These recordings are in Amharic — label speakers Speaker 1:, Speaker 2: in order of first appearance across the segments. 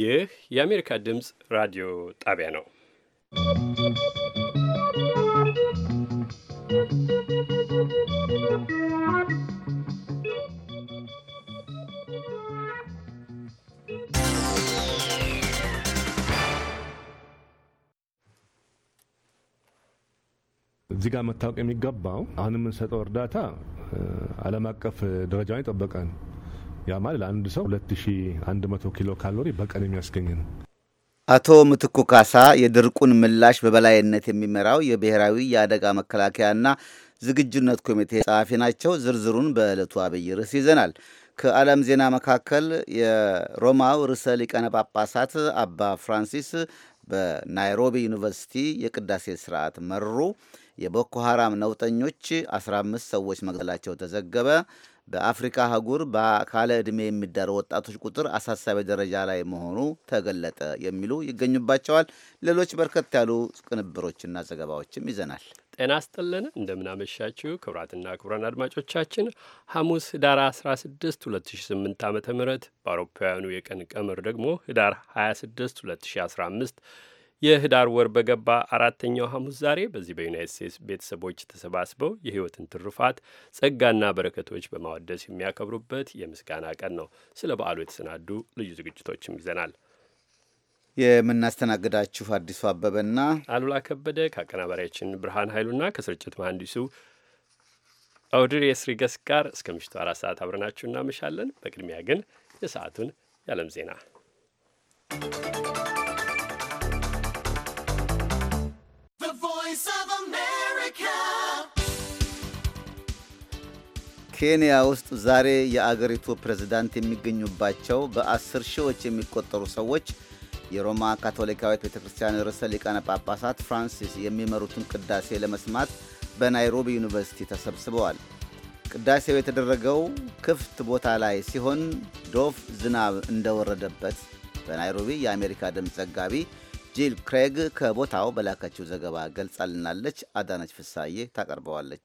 Speaker 1: ይህ የአሜሪካ ድምፅ ራዲዮ ጣቢያ ነው።
Speaker 2: እዚህ ጋር መታወቅ የሚገባው አሁን የምንሰጠው እርዳታ ዓለም አቀፍ ደረጃውን የጠበቀ ነው። ያ ማለት አንድ ሰው 2100 ኪሎ ካሎሪ በቀን የሚያስገኝ ነው።
Speaker 3: አቶ ምትኩ ካሳ የድርቁን ምላሽ በበላይነት የሚመራው የብሔራዊ የአደጋ መከላከያና ዝግጁነት ኮሚቴ ጸሐፊ ናቸው። ዝርዝሩን በዕለቱ አብይ ርዕስ ይዘናል። ከዓለም ዜና መካከል የሮማው ርዕሰ ሊቀነ ጳጳሳት አባ ፍራንሲስ በናይሮቢ ዩኒቨርሲቲ የቅዳሴ ስርዓት መሩ። የቦኮ ሐራም ነውጠኞች 15 ሰዎች መግደላቸው ተዘገበ። በአፍሪካ አህጉር በአካለ ዕድሜ የሚዳሩ ወጣቶች ቁጥር አሳሳቢ ደረጃ ላይ መሆኑ ተገለጠ የሚሉ ይገኙባቸዋል። ሌሎች በርከት ያሉ ቅንብሮችና ዘገባዎችም ይዘናል።
Speaker 1: ጤና ስጥልን፣ እንደምናመሻችው ክቡራትና ክቡራን አድማጮቻችን ሐሙስ ህዳር 16 2008 ዓ ም በአውሮፓውያኑ የቀን ቀመር ደግሞ ህዳር 26 2015 የህዳር ወር በገባ አራተኛው ሐሙስ ዛሬ በዚህ በዩናይት ስቴትስ ቤተሰቦች ተሰባስበው የህይወትን ትሩፋት ጸጋና በረከቶች በማወደስ የሚያከብሩበት የምስጋና ቀን ነው። ስለ በዓሉ የተሰናዱ ልዩ ዝግጅቶችም ይዘናል።
Speaker 3: የምናስተናግዳችሁ አዲሱ አበበና
Speaker 1: አሉላ ከበደ ከአቀናባሪያችን ብርሃን ኃይሉና ከስርጭት መሐንዲሱ ኦድሬስ የስሪገስ ጋር እስከ ምሽቱ አራት ሰዓት አብረናችሁ እናመሻለን። በቅድሚያ ግን የሰዓቱን የዓለም ዜና
Speaker 3: ኬንያ ውስጥ ዛሬ የአገሪቱ ፕሬዝዳንት የሚገኙባቸው በአስር ሺዎች የሚቆጠሩ ሰዎች የሮማ ካቶሊካዊት ቤተ ክርስቲያን ርዕሰ ሊቃነ ጳጳሳት ፍራንሲስ የሚመሩትን ቅዳሴ ለመስማት በናይሮቢ ዩኒቨርሲቲ ተሰብስበዋል። ቅዳሴው የተደረገው ክፍት ቦታ ላይ ሲሆን ዶፍ ዝናብ እንደወረደበት በናይሮቢ የአሜሪካ ድምፅ ዘጋቢ ጂል ክሬግ ከቦታው በላከችው ዘገባ ገልጻልናለች። አዳነች ፍሳዬ ታቀርበዋለች።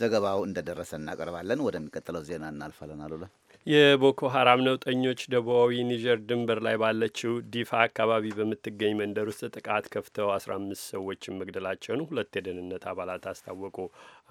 Speaker 3: ዘገባው እንደደረሰ እናቀርባለን። ወደሚቀጥለው ዜና እናልፋለን። አሉላ
Speaker 1: የቦኮ ሀራም ነውጠኞች ደቡባዊ ኒጀር ድንበር ላይ ባለችው ዲፋ አካባቢ በምትገኝ መንደር ውስጥ ጥቃት ከፍተው አስራ አምስት ሰዎችን መግደላቸውን ሁለት የደህንነት አባላት አስታወቁ።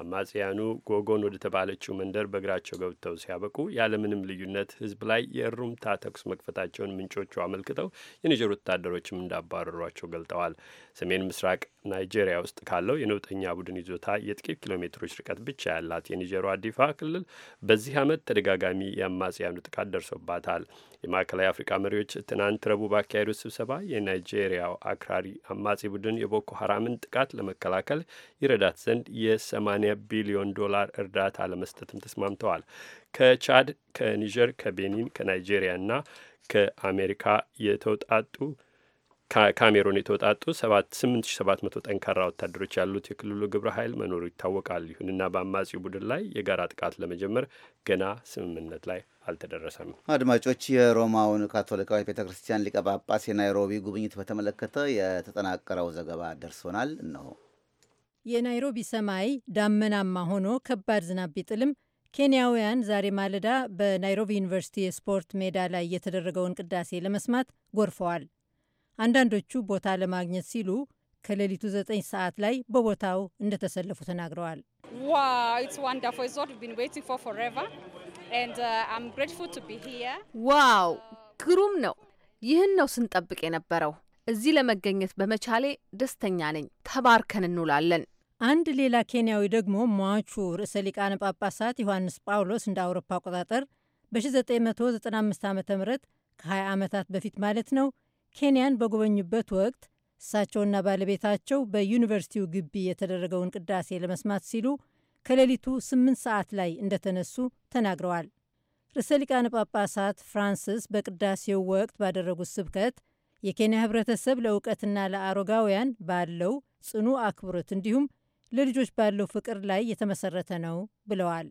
Speaker 1: አማጽያኑ ጎጎን ወደ ተባለችው መንደር በእግራቸው ገብተው ሲያበቁ ያለምንም ልዩነት ህዝብ ላይ የእሩምታ ተኩስ መክፈታቸውን ምንጮቹ አመልክተው የኒጀር ወታደሮችም እንዳባረሯቸው ገልጠዋል። ሰሜን ምስራቅ ናይጄሪያ ውስጥ ካለው የነውጠኛ ቡድን ይዞታ የጥቂት ኪሎ ሜትሮች ርቀት ብቻ ያላት የኒጀሯ ዲፋ ክልል በዚህ ዓመት ተደጋጋሚ በአማጽያኑ ጥቃት ደርሶባታል። የማዕከላዊ አፍሪካ መሪዎች ትናንት ረቡዕ ባካሄዱት ስብሰባ የናይጄሪያው አክራሪ አማጺ ቡድን የቦኮ ሀራምን ጥቃት ለመከላከል ይረዳት ዘንድ የ80 ቢሊዮን ዶላር እርዳታ ለመስጠትም ተስማምተዋል። ከቻድ፣ ከኒጀር፣ ከቤኒን፣ ከናይጄሪያ እና ከአሜሪካ የተውጣጡ ከካሜሩን የተውጣጡ 8700 ጠንካራ ወታደሮች ያሉት የክልሉ ግብረ ኃይል መኖሩ ይታወቃል። ይሁንና በአማጺው ቡድን ላይ የጋራ ጥቃት ለመጀመር ገና ስምምነት ላይ አልተደረሰም።
Speaker 3: አድማጮች፣ የሮማውን ካቶሊካዊ ቤተ ክርስቲያን ሊቀ ጳጳስ የናይሮቢ ጉብኝት በተመለከተ የተጠናቀረው ዘገባ ደርሶናል። እነሆ።
Speaker 4: የናይሮቢ ሰማይ ዳመናማ ሆኖ ከባድ ዝናብ ቢጥልም ኬንያውያን ዛሬ ማለዳ በናይሮቢ ዩኒቨርሲቲ የስፖርት ሜዳ ላይ የተደረገውን ቅዳሴ ለመስማት ጎርፈዋል። አንዳንዶቹ ቦታ ለማግኘት ሲሉ ከሌሊቱ ዘጠኝ ሰዓት ላይ በቦታው እንደተሰለፉ ተናግረዋል።
Speaker 5: ዋው uh, ግሩም ነው! ይህን ነው ስንጠብቅ የነበረው። እዚህ ለመገኘት በመቻሌ ደስተኛ ነኝ። ተባርከን እንውላለን። አንድ ሌላ ኬንያዊ ደግሞ
Speaker 4: ሟቹ ርዕሰ ሊቃነ ጳጳሳት ዮሐንስ ጳውሎስ እንደ አውሮፓ አቆጣጠር በ1995 ዓ ም ከ20 ዓመታት በፊት ማለት ነው ኬንያን በጎበኙበት ወቅት እሳቸውና ባለቤታቸው በዩኒቨርሲቲው ግቢ የተደረገውን ቅዳሴ ለመስማት ሲሉ ከሌሊቱ ስምንት ሰዓት ላይ እንደተነሱ ተናግረዋል። ርዕሰ ሊቃነ ጳጳሳት ፍራንስስ በቅዳሴው ወቅት ባደረጉት ስብከት የኬንያ ህብረተሰብ ለእውቀትና ለአሮጋውያን ባለው ጽኑ አክብሮት እንዲሁም ለልጆች ባለው ፍቅር ላይ የተመሰረተ ነው ብለዋል።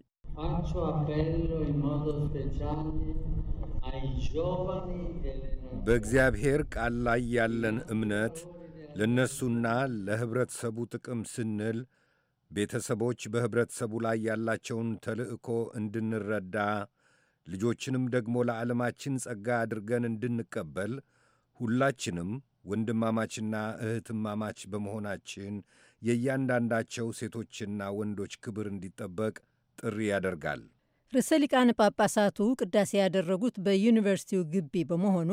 Speaker 6: በእግዚአብሔር ቃል ላይ ያለን እምነት ለእነሱና ለኅብረተሰቡ ጥቅም ስንል ቤተሰቦች በኅብረተሰቡ ላይ ያላቸውን ተልዕኮ እንድንረዳ ልጆችንም ደግሞ ለዓለማችን ጸጋ አድርገን እንድንቀበል ሁላችንም ወንድማማችና እህትማማች በመሆናችን የእያንዳንዳቸው ሴቶችና ወንዶች ክብር እንዲጠበቅ ጥሪ ያደርጋል።
Speaker 4: ርዕሰ ሊቃነ ጳጳሳቱ ቅዳሴ ያደረጉት በዩኒቨርሲቲው ግቢ በመሆኑ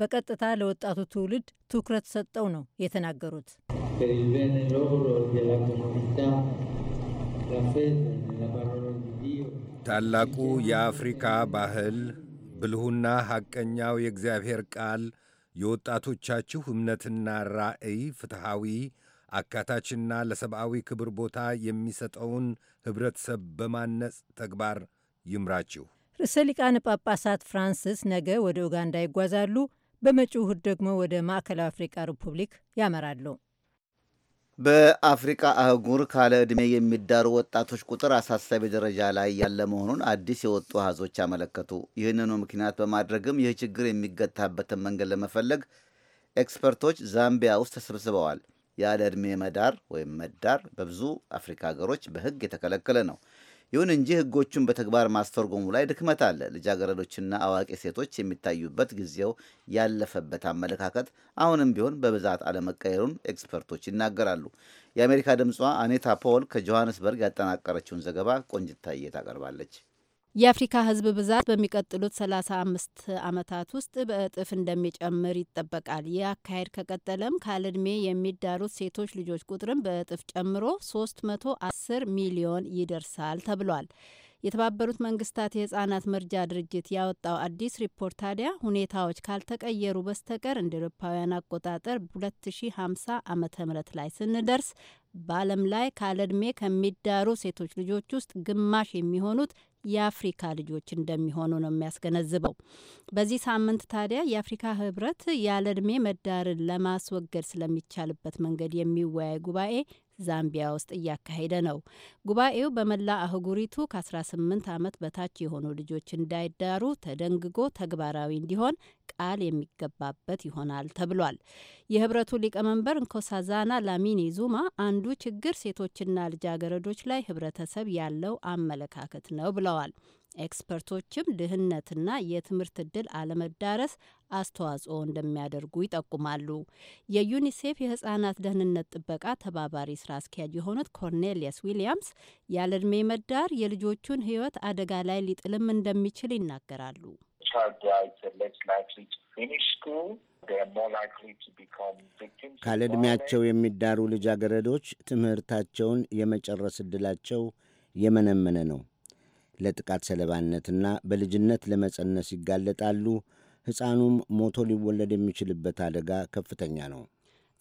Speaker 4: በቀጥታ ለወጣቱ ትውልድ ትኩረት ሰጠው ነው የተናገሩት።
Speaker 6: ታላቁ የአፍሪካ ባህል ብልሁና ሐቀኛው የእግዚአብሔር ቃል የወጣቶቻችሁ እምነትና ራዕይ ፍትሐዊ አካታችና ለሰብአዊ ክብር ቦታ የሚሰጠውን ኅብረተሰብ በማነጽ ተግባር ይምራችሁ።
Speaker 4: ርዕሰ ሊቃነ ጳጳሳት ፍራንስስ ነገ ወደ ኡጋንዳ ይጓዛሉ። በመጪው እሁድ ደግሞ ወደ ማዕከላዊ አፍሪቃ ሪፑብሊክ ያመራሉ።
Speaker 3: በአፍሪቃ አህጉር ካለ ዕድሜ የሚዳሩ ወጣቶች ቁጥር አሳሳቢ ደረጃ ላይ ያለ መሆኑን አዲስ የወጡ አሃዞች አመለከቱ። ይህንኑ ምክንያት በማድረግም ይህ ችግር የሚገታበትን መንገድ ለመፈለግ ኤክስፐርቶች ዛምቢያ ውስጥ ተሰብስበዋል። ያለ ዕድሜ መዳር ወይም መዳር በብዙ አፍሪካ ሀገሮች በሕግ የተከለከለ ነው። ይሁን እንጂ ሕጎቹን በተግባር ማስተርጎሙ ላይ ድክመት አለ። ልጃገረዶችና አዋቂ ሴቶች የሚታዩበት ጊዜው ያለፈበት አመለካከት አሁንም ቢሆን በብዛት አለመቀየሩን ኤክስፐርቶች ይናገራሉ። የአሜሪካ ድምጿ አኔታ ፖል ከጆሃንስበርግ ያጠናቀረችውን ዘገባ ቆንጅታዬ ታቀርባለች።
Speaker 5: የአፍሪካ ህዝብ ብዛት በሚቀጥሉት 35 ዓመታት ውስጥ በእጥፍ እንደሚጨምር ይጠበቃል። ይህ አካሄድ ከቀጠለም ካለዕድሜ የሚዳሩት ሴቶች ልጆች ቁጥርም በእጥፍ ጨምሮ 310 ሚሊዮን ይደርሳል ተብሏል። የተባበሩት መንግስታት የህጻናት መርጃ ድርጅት ያወጣው አዲስ ሪፖርት ታዲያ ሁኔታዎች ካልተቀየሩ በስተቀር እንደ ኤሮፓውያን አቆጣጠር 2050 ዓ ም ላይ ስንደርስ በዓለም ላይ ካለዕድሜ ከሚዳሩ ሴቶች ልጆች ውስጥ ግማሽ የሚሆኑት የአፍሪካ ልጆች እንደሚሆኑ ነው የሚያስገነዝበው። በዚህ ሳምንት ታዲያ የአፍሪካ ህብረት የአለድሜ መዳርን ለማስወገድ ስለሚቻልበት መንገድ የሚወያይ ጉባኤ ዛምቢያ ውስጥ እያካሄደ ነው። ጉባኤው በመላ አህጉሪቱ ከ18 ዓመት በታች የሆኑ ልጆች እንዳይዳሩ ተደንግጎ ተግባራዊ እንዲሆን ቃል የሚገባበት ይሆናል ተብሏል። የህብረቱ ሊቀመንበር እንኮሳዛና ላሚኒ ዙማ አንዱ ችግር ሴቶችና ልጃገረዶች ላይ ህብረተሰብ ያለው አመለካከት ነው ብለዋል። ኤክስፐርቶችም ድህነትና የትምህርት ዕድል አለመዳረስ አስተዋጽኦ እንደሚያደርጉ ይጠቁማሉ። የዩኒሴፍ የህጻናት ደህንነት ጥበቃ ተባባሪ ስራ አስኪያጅ የሆኑት ኮርኔሊየስ ዊሊያምስ ያለ መዳር የልጆቹን ህይወት አደጋ ላይ ሊጥልም እንደሚችል ይናገራሉ።
Speaker 7: ካለ ዕድሜያቸው የሚዳሩ ልጃገረዶች ትምህርታቸውን የመጨረስ ዕድላቸው የመነመነ ነው። ለጥቃት ሰለባነትና በልጅነት ለመፀነስ ይጋለጣሉ። ሕፃኑም ሞቶ ሊወለድ የሚችልበት አደጋ ከፍተኛ ነው።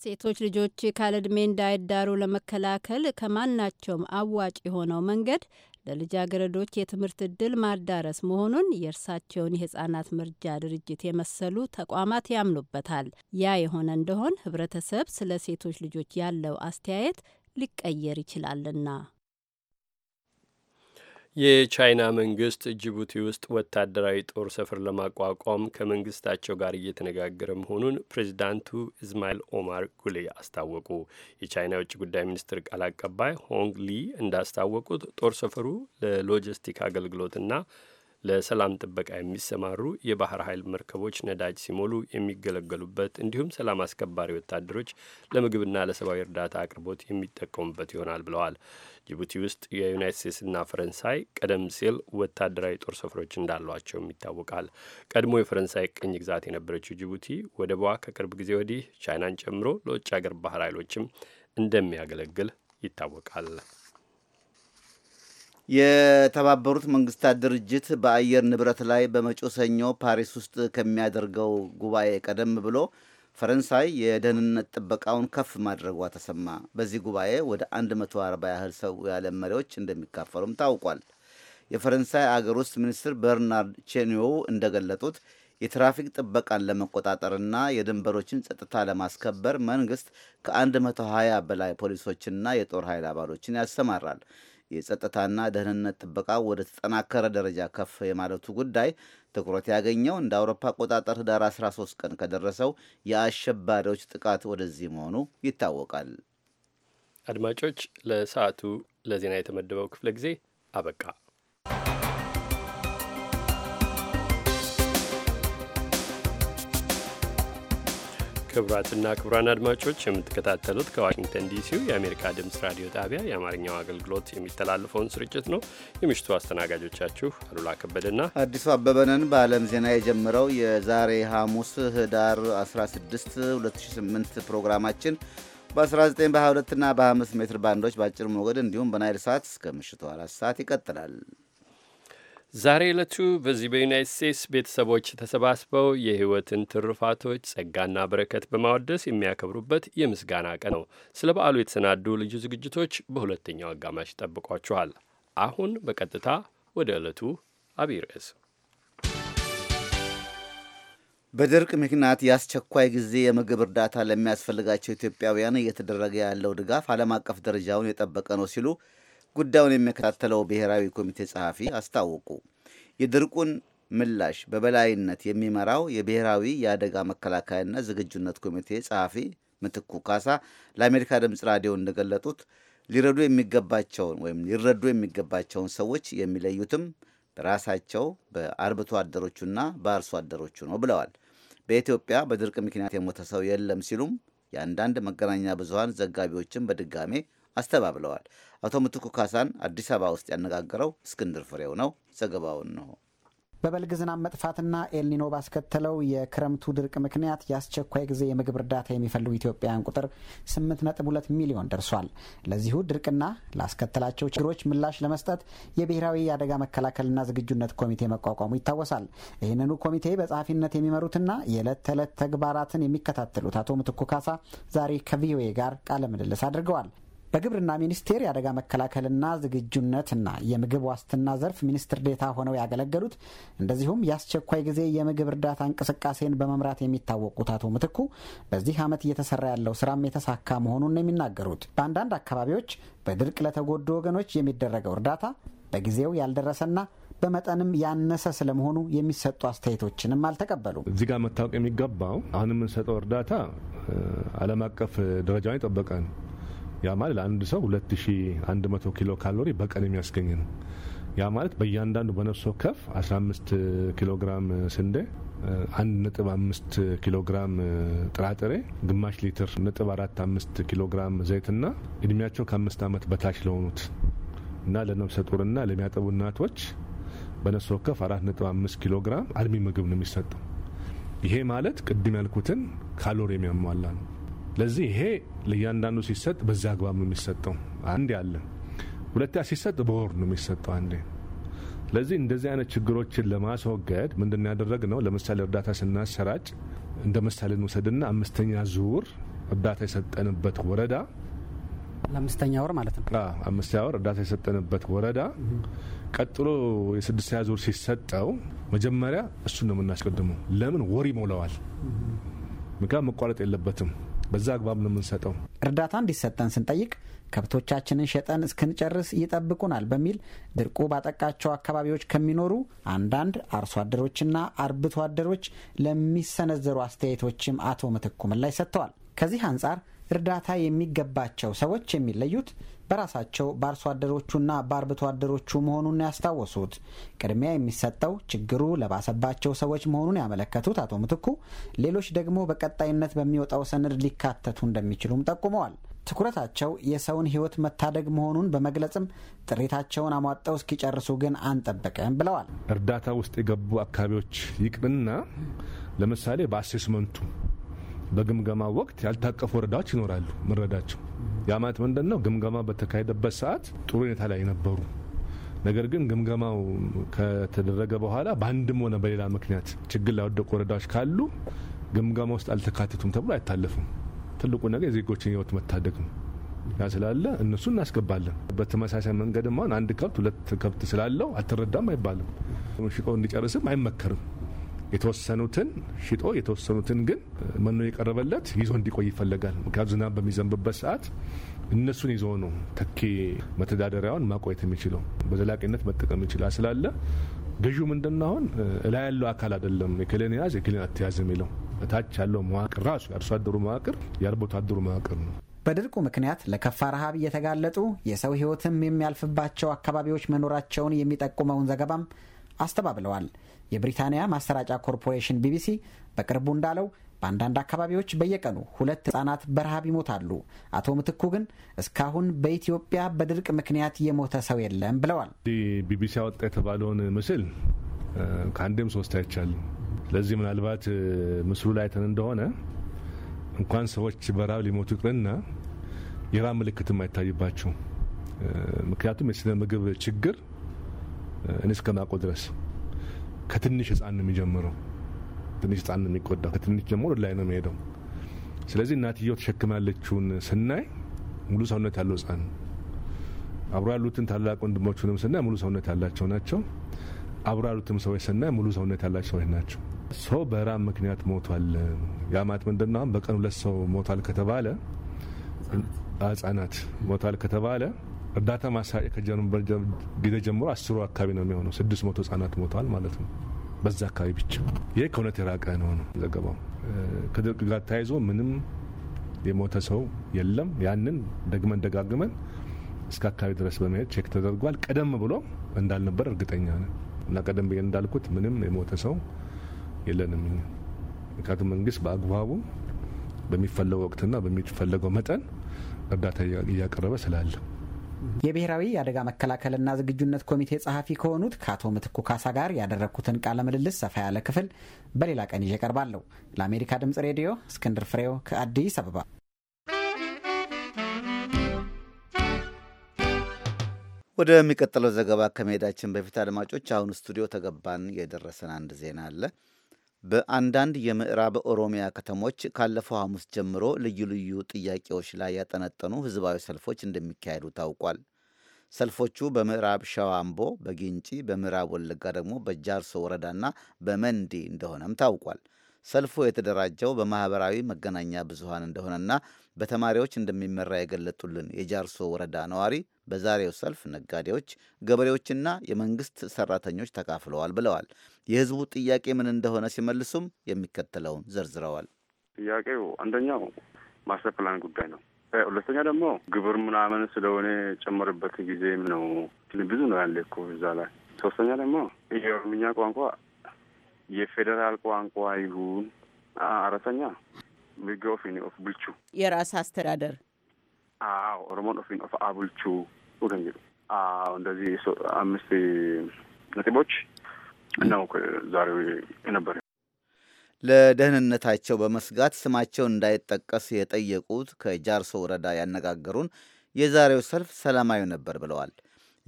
Speaker 5: ሴቶች ልጆች ካለዕድሜ እንዳይዳሩ ለመከላከል ከማናቸውም አዋጭ የሆነው መንገድ ለልጃገረዶች የትምህርት ዕድል ማዳረስ መሆኑን የእርሳቸውን የሕፃናት መርጃ ድርጅት የመሰሉ ተቋማት ያምኑበታል። ያ የሆነ እንደሆን ህብረተሰብ ስለ ሴቶች ልጆች ያለው አስተያየት ሊቀየር ይችላልና።
Speaker 1: የቻይና መንግስት ጅቡቲ ውስጥ ወታደራዊ ጦር ሰፈር ለማቋቋም ከመንግስታቸው ጋር እየተነጋገረ መሆኑን ፕሬዚዳንቱ እስማኤል ኦማር ጉሌ አስታወቁ። የቻይና የውጭ ጉዳይ ሚኒስትር ቃል አቀባይ ሆንግ ሊ እንዳስታወቁት ጦር ሰፈሩ ለሎጂስቲክ አገልግሎትና ለሰላም ጥበቃ የሚሰማሩ የባህር ኃይል መርከቦች ነዳጅ ሲሞሉ የሚገለገሉበት እንዲሁም ሰላም አስከባሪ ወታደሮች ለምግብና ለሰብአዊ እርዳታ አቅርቦት የሚጠቀሙበት ይሆናል ብለዋል። ጅቡቲ ውስጥ የዩናይት ስቴትስና ፈረንሳይ ቀደም ሲል ወታደራዊ ጦር ሰፈሮች እንዳሏቸውም ይታወቃል። ቀድሞ የፈረንሳይ ቅኝ ግዛት የነበረችው ጅቡቲ ወደቧ ከቅርብ ጊዜ ወዲህ ቻይናን ጨምሮ ለውጭ ሀገር ባህር ኃይሎችም እንደሚያገለግል ይታወቃል።
Speaker 3: የተባበሩት መንግስታት ድርጅት በአየር ንብረት ላይ በመጪው ሰኞ ፓሪስ ውስጥ ከሚያደርገው ጉባኤ ቀደም ብሎ ፈረንሳይ የደህንነት ጥበቃውን ከፍ ማድረጓ ተሰማ። በዚህ ጉባኤ ወደ 140 ያህል ሰው የዓለም መሪዎች እንደሚካፈሉም ታውቋል። የፈረንሳይ አገር ውስጥ ሚኒስትር በርናርድ ቼኒዮ እንደገለጡት የትራፊክ ጥበቃን ለመቆጣጠርና የድንበሮችን ጸጥታ ለማስከበር መንግስት ከ120 በላይ ፖሊሶችና የጦር ኃይል አባሎችን ያሰማራል። የጸጥታና ደህንነት ጥበቃ ወደ ተጠናከረ ደረጃ ከፍ የማለቱ ጉዳይ ትኩረት ያገኘው እንደ አውሮፓ አቆጣጠር ህዳር 13 ቀን ከደረሰው የአሸባሪዎች ጥቃት ወደዚህ መሆኑ ይታወቃል።
Speaker 1: አድማጮች፣ ለሰዓቱ ለዜና የተመደበው ክፍለ ጊዜ አበቃ። ክቡራትና ክቡራን አድማጮች የምትከታተሉት ከዋሽንግተን ዲሲው የአሜሪካ ድምፅ ራዲዮ ጣቢያ የአማርኛው አገልግሎት የሚተላለፈውን ስርጭት ነው። የምሽቱ አስተናጋጆቻችሁ አሉላ ከበደና
Speaker 3: አዲሱ አበበንን በዓለም ዜና የጀመረው የዛሬ ሐሙስ ህዳር 16 2008 ፕሮግራማችን በ19 በ22ና በ25 ሜትር ባንዶች በአጭር ሞገድ እንዲሁም በናይል ሰዓት እስከ ምሽቱ አራት ሰዓት ይቀጥላል።
Speaker 1: ዛሬ ዕለቱ በዚህ በዩናይት ስቴትስ ቤተሰቦች ተሰባስበው የሕይወትን ትሩፋቶች ጸጋና በረከት በማወደስ የሚያከብሩበት የምስጋና ቀን ነው። ስለ በዓሉ የተሰናዱ ልዩ ዝግጅቶች በሁለተኛው አጋማሽ ይጠብቋችኋል። አሁን በቀጥታ ወደ ዕለቱ አብይ ርዕስ
Speaker 3: በድርቅ ምክንያት የአስቸኳይ ጊዜ የምግብ እርዳታ ለሚያስፈልጋቸው ኢትዮጵያውያን እየተደረገ ያለው ድጋፍ ዓለም አቀፍ ደረጃውን የጠበቀ ነው ሲሉ ጉዳዩን የሚከታተለው ብሔራዊ ኮሚቴ ጸሐፊ አስታወቁ። የድርቁን ምላሽ በበላይነት የሚመራው የብሔራዊ የአደጋ መከላከያና ዝግጁነት ኮሚቴ ጸሐፊ ምትኩ ካሳ ለአሜሪካ ድምፅ ራዲዮ እንደገለጡት ሊረዱ የሚገባቸውን ወይም ሊረዱ የሚገባቸውን ሰዎች የሚለዩትም በራሳቸው በአርብቶ አደሮቹና በአርሶ አደሮቹ ነው ብለዋል። በኢትዮጵያ በድርቅ ምክንያት የሞተ ሰው የለም ሲሉም የአንዳንድ መገናኛ ብዙሃን ዘጋቢዎችን በድጋሜ አስተባብለዋል። አቶ ምትኩ ካሳን አዲስ አበባ ውስጥ ያነጋገረው እስክንድር ፍሬው ነው። ዘገባውን ነው።
Speaker 8: በበልግ ዝናብ መጥፋትና ኤልኒኖ ባስከተለው የክረምቱ ድርቅ ምክንያት የአስቸኳይ ጊዜ የምግብ እርዳታ የሚፈልጉ ኢትዮጵያውያን ቁጥር 8.2 ሚሊዮን ደርሷል። ለዚሁ ድርቅና ላስከተላቸው ችግሮች ምላሽ ለመስጠት የብሔራዊ የአደጋ መከላከልና ዝግጁነት ኮሚቴ መቋቋሙ ይታወሳል። ይህንኑ ኮሚቴ በጸሐፊነት የሚመሩትና የዕለት ተዕለት ተግባራትን የሚከታተሉት አቶ ምትኩ ካሳ ዛሬ ከቪኦኤ ጋር ቃለ ምልልስ አድርገዋል። በግብርና ሚኒስቴር የአደጋ መከላከልና ዝግጁነትና የምግብ ዋስትና ዘርፍ ሚኒስትር ዴታ ሆነው ያገለገሉት እንደዚሁም የአስቸኳይ ጊዜ የምግብ እርዳታ እንቅስቃሴን በመምራት የሚታወቁት አቶ ምትኩ በዚህ ዓመት እየተሰራ ያለው ስራም የተሳካ መሆኑን የሚናገሩት። በአንዳንድ አካባቢዎች በድርቅ ለተጎዱ ወገኖች የሚደረገው እርዳታ በጊዜው ያልደረሰና በመጠንም ያነሰ ስለመሆኑ የሚሰጡ አስተያየቶችንም አልተቀበሉም።
Speaker 2: እዚህ ጋር መታወቅ የሚገባው አሁን የምንሰጠው እርዳታ ዓለም አቀፍ ደረጃውን የጠበቀ ነው። ያ ማለት አንድ ሰው 2100 ኪሎ ካሎሪ በቀን የሚያስገኝ ነው። ያ ማለት በእያንዳንዱ በነፍስ ወከፍ 15 ኪሎ ግራም ስንዴ 1.5 ኪሎ ግራም ጥራጥሬ፣ ግማሽ ሊትር 45 ኪሎ ግራም ዘይትና እድሜያቸው ከአምስት ዓመት በታች ለሆኑት እና ለነፍሰ ጡርና ለሚያጠቡ እናቶች በነፍስ ወከፍ 4.5 ኪሎ ግራም አልሚ ምግብ ነው የሚሰጠው። ይሄ ማለት ቅድም ያልኩትን ካሎሪ የሚያሟላ ነው። ለዚህ ይሄ ለእያንዳንዱ ሲሰጥ በዛ አግባብ ነው የሚሰጠው። አንድ ያለ ሁለት ሲሰጥ በወር ነው የሚሰጠው አንዴ። ለዚህ እንደዚህ አይነት ችግሮችን ለማስወገድ ምንድን ያደረግ ነው፣ ለምሳሌ እርዳታ ስናሰራጭ እንደ ምሳሌ እንውሰድና አምስተኛ ዙር እርዳታ የሰጠንበት ወረዳ
Speaker 8: ለአምስተኛ ወር ማለት ነው።
Speaker 2: አምስተኛ ወር እርዳታ የሰጠንበት ወረዳ ቀጥሎ የስድስተኛ ዙር ሲሰጠው መጀመሪያ እሱን ነው
Speaker 8: የምናስቀድመው። ለምን ወር ይሞላዋል፣ ምክንያት መቋረጥ የለበትም። በዛ አግባብ ነው የምንሰጠው። እርዳታ እንዲሰጠን ስንጠይቅ ከብቶቻችንን ሸጠን እስክንጨርስ ይጠብቁናል በሚል ድርቁ ባጠቃቸው አካባቢዎች ከሚኖሩ አንዳንድ አርሶ አደሮችና አርብቶ አደሮች ለሚሰነዘሩ አስተያየቶችም አቶ ምትኩ ምላሽ ሰጥተዋል። ከዚህ አንጻር እርዳታ የሚገባቸው ሰዎች የሚለዩት በራሳቸው በአርሶ አደሮቹና በአርብቶ አደሮቹ መሆኑን ያስታወሱት ቅድሚያ የሚሰጠው ችግሩ ለባሰባቸው ሰዎች መሆኑን ያመለከቱት አቶ ምትኩ ሌሎች ደግሞ በቀጣይነት በሚወጣው ሰነድ ሊካተቱ እንደሚችሉም ጠቁመዋል። ትኩረታቸው የሰውን ሕይወት መታደግ መሆኑን በመግለጽም ጥሪታቸውን አሟጠው እስኪጨርሱ ግን አንጠብቅም ብለዋል።
Speaker 2: እርዳታ ውስጥ የገቡ አካባቢዎች ይቅርና ለምሳሌ በአሴስመንቱ በግምገማ ወቅት ያልታቀፉ ወረዳዎች ይኖራሉ። ምንረዳቸው ያ ማለት ምንድን ነው? ግምገማ በተካሄደበት ሰዓት ጥሩ ሁኔታ ላይ የነበሩ ነገር ግን ግምገማው ከተደረገ በኋላ በአንድም ሆነ በሌላ ምክንያት ችግር ላይ ወደቁ ወረዳዎች ካሉ ግምገማ ውስጥ አልተካተቱም ተብሎ አይታለፍም። ትልቁ ነገር የዜጎችን ሕይወት መታደግ ነው። ያ ስላለ እነሱ እናስገባለን። በተመሳሳይ መንገድ አሁን አንድ ከብት ሁለት ከብት ስላለው አትረዳም አይባልም። ሽቀው እንዲጨርስም አይመከርም። የተወሰኑትን ሽጦ የተወሰኑትን ግን መኖ የቀረበለት ይዞ እንዲቆይ ይፈለጋል። ምክንያቱ ዝናብ በሚዘንብበት ሰዓት እነሱን ይዞ ነው ተኪ መተዳደሪያውን ማቆየት የሚችለው በዘላቂነት መጠቀም ይችላል ስላለ ገዢው ምንድነው አሁን እላ ያለው አካል አይደለም የክልን ያዝ የክልን አትያዝ የሚለው በታች ያለው መዋቅር ራሱ የአርሶ አደሩ መዋቅር የአርብቶ አደሩ
Speaker 8: መዋቅር ነው። በድርቁ ምክንያት ለከፋ ረሃብ እየተጋለጡ የሰው ሕይወትም የሚያልፍባቸው አካባቢዎች መኖራቸውን የሚጠቁመውን ዘገባም አስተባብለዋል። የብሪታንያ ማሰራጫ ኮርፖሬሽን ቢቢሲ በቅርቡ እንዳለው በአንዳንድ አካባቢዎች በየቀኑ ሁለት ህጻናት በረሃብ ይሞታሉ። አቶ ምትኩ ግን እስካሁን በኢትዮጵያ በድርቅ ምክንያት የሞተ ሰው የለም ብለዋል።
Speaker 2: ቢቢሲ አወጣ የተባለውን ምስል ከአንድም ሶስት አይቻልም። ስለዚህ ምናልባት ምስሉ ላይ አይተን እንደሆነ እንኳን ሰዎች በረሃብ ሊሞቱ ይቅርና የራብ ምልክትም አይታይባቸው። ምክንያቱም የስነ ምግብ ችግር እኔ እስከማውቀው ድረስ ከትንሽ ህፃን ነው የሚጀምረው። ትንሽ ህፃን ነው የሚቆዳው። ከትንሽ ጀምሮ ወደ ላይ ነው የሚሄደው። ስለዚህ እናትየው ተሸክማለችውን ስናይ ሙሉ ሰውነት ያለው ህፃን፣ አብሮ ያሉትን ታላቅ ወንድሞቹንም ስናይ ሙሉ ሰውነት ያላቸው ናቸው። አብሮ ያሉትም ሰዎች ስናይ ሙሉ ሰውነት ያላቸው ሰዎች ናቸው። ሰው በራብ ምክንያት ሞቷል። ያ ማለት ምንድን ነው? አሁን በቀን ሁለት ሰው ሞቷል ከተባለ ህጻናት ሞቷል ከተባለ እርዳታ ማሳያ ከጀመረ ጊዜ ጀምሮ አስሩ አካባቢ ነው የሚሆነው። ስድስት መቶ ህጻናት ሞተዋል ማለት ነው በዛ አካባቢ ብቻ። ይህ ከእውነት የራቀ ነው ነው ዘገባው። ከድርቅ ጋር ተያይዞ ምንም የሞተ ሰው የለም። ያንን ደግመን ደጋግመን እስከ አካባቢ ድረስ በመሄድ ቼክ ተደርጓል። ቀደም ብሎ እንዳልነበር እርግጠኛ ነን እና ቀደም ብዬ እንዳልኩት ምንም የሞተ ሰው የለንም። ምክንያቱም መንግስት በአግባቡ በሚፈለገው ወቅትና በሚፈለገው መጠን እርዳታ እያቀረበ ስላለ
Speaker 8: የብሔራዊ የአደጋ መከላከልና ዝግጁነት ኮሚቴ ጸሐፊ ከሆኑት ከአቶ ምትኩ ካሳ ጋር ያደረግኩትን ቃለ ምልልስ ሰፋ ያለ ክፍል በሌላ ቀን ይዤ ቀርባለሁ። ለአሜሪካ ድምጽ ሬዲዮ እስክንድር ፍሬው ከአዲስ አበባ።
Speaker 3: ወደሚቀጥለው ዘገባ ከመሄዳችን በፊት አድማጮች፣ አሁን ስቱዲዮ ተገባን የደረሰን አንድ ዜና አለ። በአንዳንድ የምዕራብ ኦሮሚያ ከተሞች ካለፈው ሐሙስ ጀምሮ ልዩ ልዩ ጥያቄዎች ላይ ያጠነጠኑ ህዝባዊ ሰልፎች እንደሚካሄዱ ታውቋል። ሰልፎቹ በምዕራብ ሸዋምቦ፣ በጊንጪ፣ በምዕራብ ወለጋ ደግሞ በጃርሶ ወረዳና በመንዲ እንደሆነም ታውቋል። ሰልፉ የተደራጀው በማኅበራዊ መገናኛ ብዙሃን እንደሆነና በተማሪዎች እንደሚመራ የገለጡልን የጃርሶ ወረዳ ነዋሪ በዛሬው ሰልፍ ነጋዴዎች፣ ገበሬዎችና የመንግሥት ሠራተኞች ተካፍለዋል ብለዋል። የህዝቡ ጥያቄ ምን እንደሆነ ሲመልሱም የሚከተለውን ዘርዝረዋል።
Speaker 9: ጥያቄው አንደኛው ማስተር ፕላን ጉዳይ ነው። ሁለተኛ ደግሞ ግብር ምናምን ስለሆነ ጨመርበት ጊዜም ነው ብዙ ነው ያለ እኮ እዛ ላይ። ሶስተኛ ደግሞ የኦሮምኛ ቋንቋ የፌዴራል ቋንቋ ይሁን። አራተኛ ሚግ ኦፊን ኦፍ ብልቹ
Speaker 10: የራስ አስተዳደር
Speaker 9: አዎ፣ ኦሮሞን ኦፊን ኦፍ አብልቹ ገኝ አዎ፣ እንደዚህ አምስት ነጥቦች ነው ዛሬ የነበረ።
Speaker 3: ለደህንነታቸው በመስጋት ስማቸው እንዳይጠቀስ የጠየቁት ከጃርሶ ወረዳ ያነጋገሩን የዛሬው ሰልፍ ሰላማዊ ነበር ብለዋል።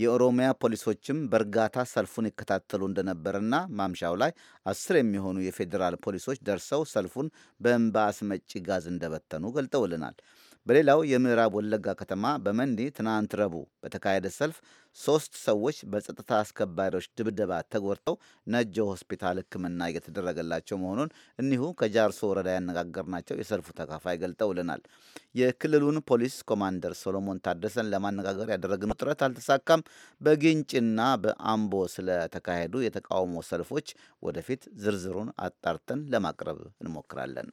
Speaker 3: የኦሮሚያ ፖሊሶችም በእርጋታ ሰልፉን ይከታተሉ እንደነበርና ማምሻው ላይ አስር የሚሆኑ የፌዴራል ፖሊሶች ደርሰው ሰልፉን በእንባ አስመጪ ጋዝ እንደበተኑ ገልጠውልናል። በሌላው የምዕራብ ወለጋ ከተማ በመንዲ ትናንት ረቡዕ በተካሄደ ሰልፍ ሶስት ሰዎች በጸጥታ አስከባሪዎች ድብደባ ተጎድተው ነጆ ሆስፒታል ሕክምና እየተደረገላቸው መሆኑን እኒሁ ከጃርሶ ወረዳ ያነጋገርናቸው የሰልፉ ተካፋይ ገልጠውልናል። የክልሉን ፖሊስ ኮማንደር ሶሎሞን ታደሰን ለማነጋገር ያደረግነው ጥረት አልተሳካም። በግንጭና በአምቦ ስለተካሄዱ የተቃውሞ ሰልፎች ወደፊት ዝርዝሩን አጣርተን ለማቅረብ እንሞክራለን።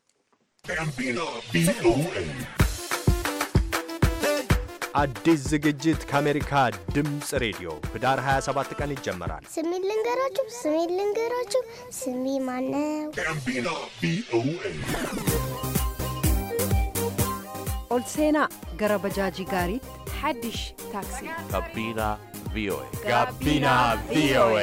Speaker 3: አዲስ ዝግጅት ከአሜሪካ ድምፅ ሬዲዮ
Speaker 6: ህዳር 27 ቀን ይጀመራል።
Speaker 10: ስሜን ልንገራችሁ፣ ስሜን ልንገራችሁ፣ ስሜ ማነው?
Speaker 5: ኦልሴና ገረበጃጂ ጋሪት ሓድሽ ታክሲ
Speaker 9: ጋቢና ቪኦኤ ጋቢና ቪኦኤ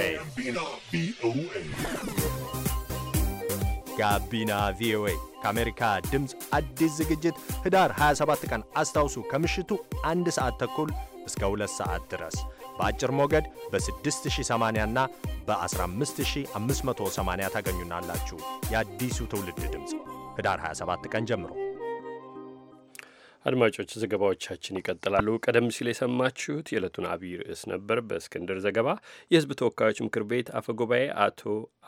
Speaker 6: ጋቢና ቪኦኤ ከአሜሪካ ድምፅ አዲስ ዝግጅት ህዳር 27 ቀን አስታውሱ። ከምሽቱ አንድ ሰዓት ተኩል እስከ 2 ሰዓት ድረስ በአጭር ሞገድ በ6080 እና በ15580 ታገኙናላችሁ።
Speaker 1: የአዲሱ ትውልድ ድምፅ ህዳር 27 ቀን ጀምሮ አድማጮች ዘገባዎቻችን ይቀጥላሉ። ቀደም ሲል የሰማችሁት የዕለቱን አብይ ርዕስ ነበር። በእስክንድር ዘገባ የህዝብ ተወካዮች ምክር ቤት አፈ ጉባኤ አቶ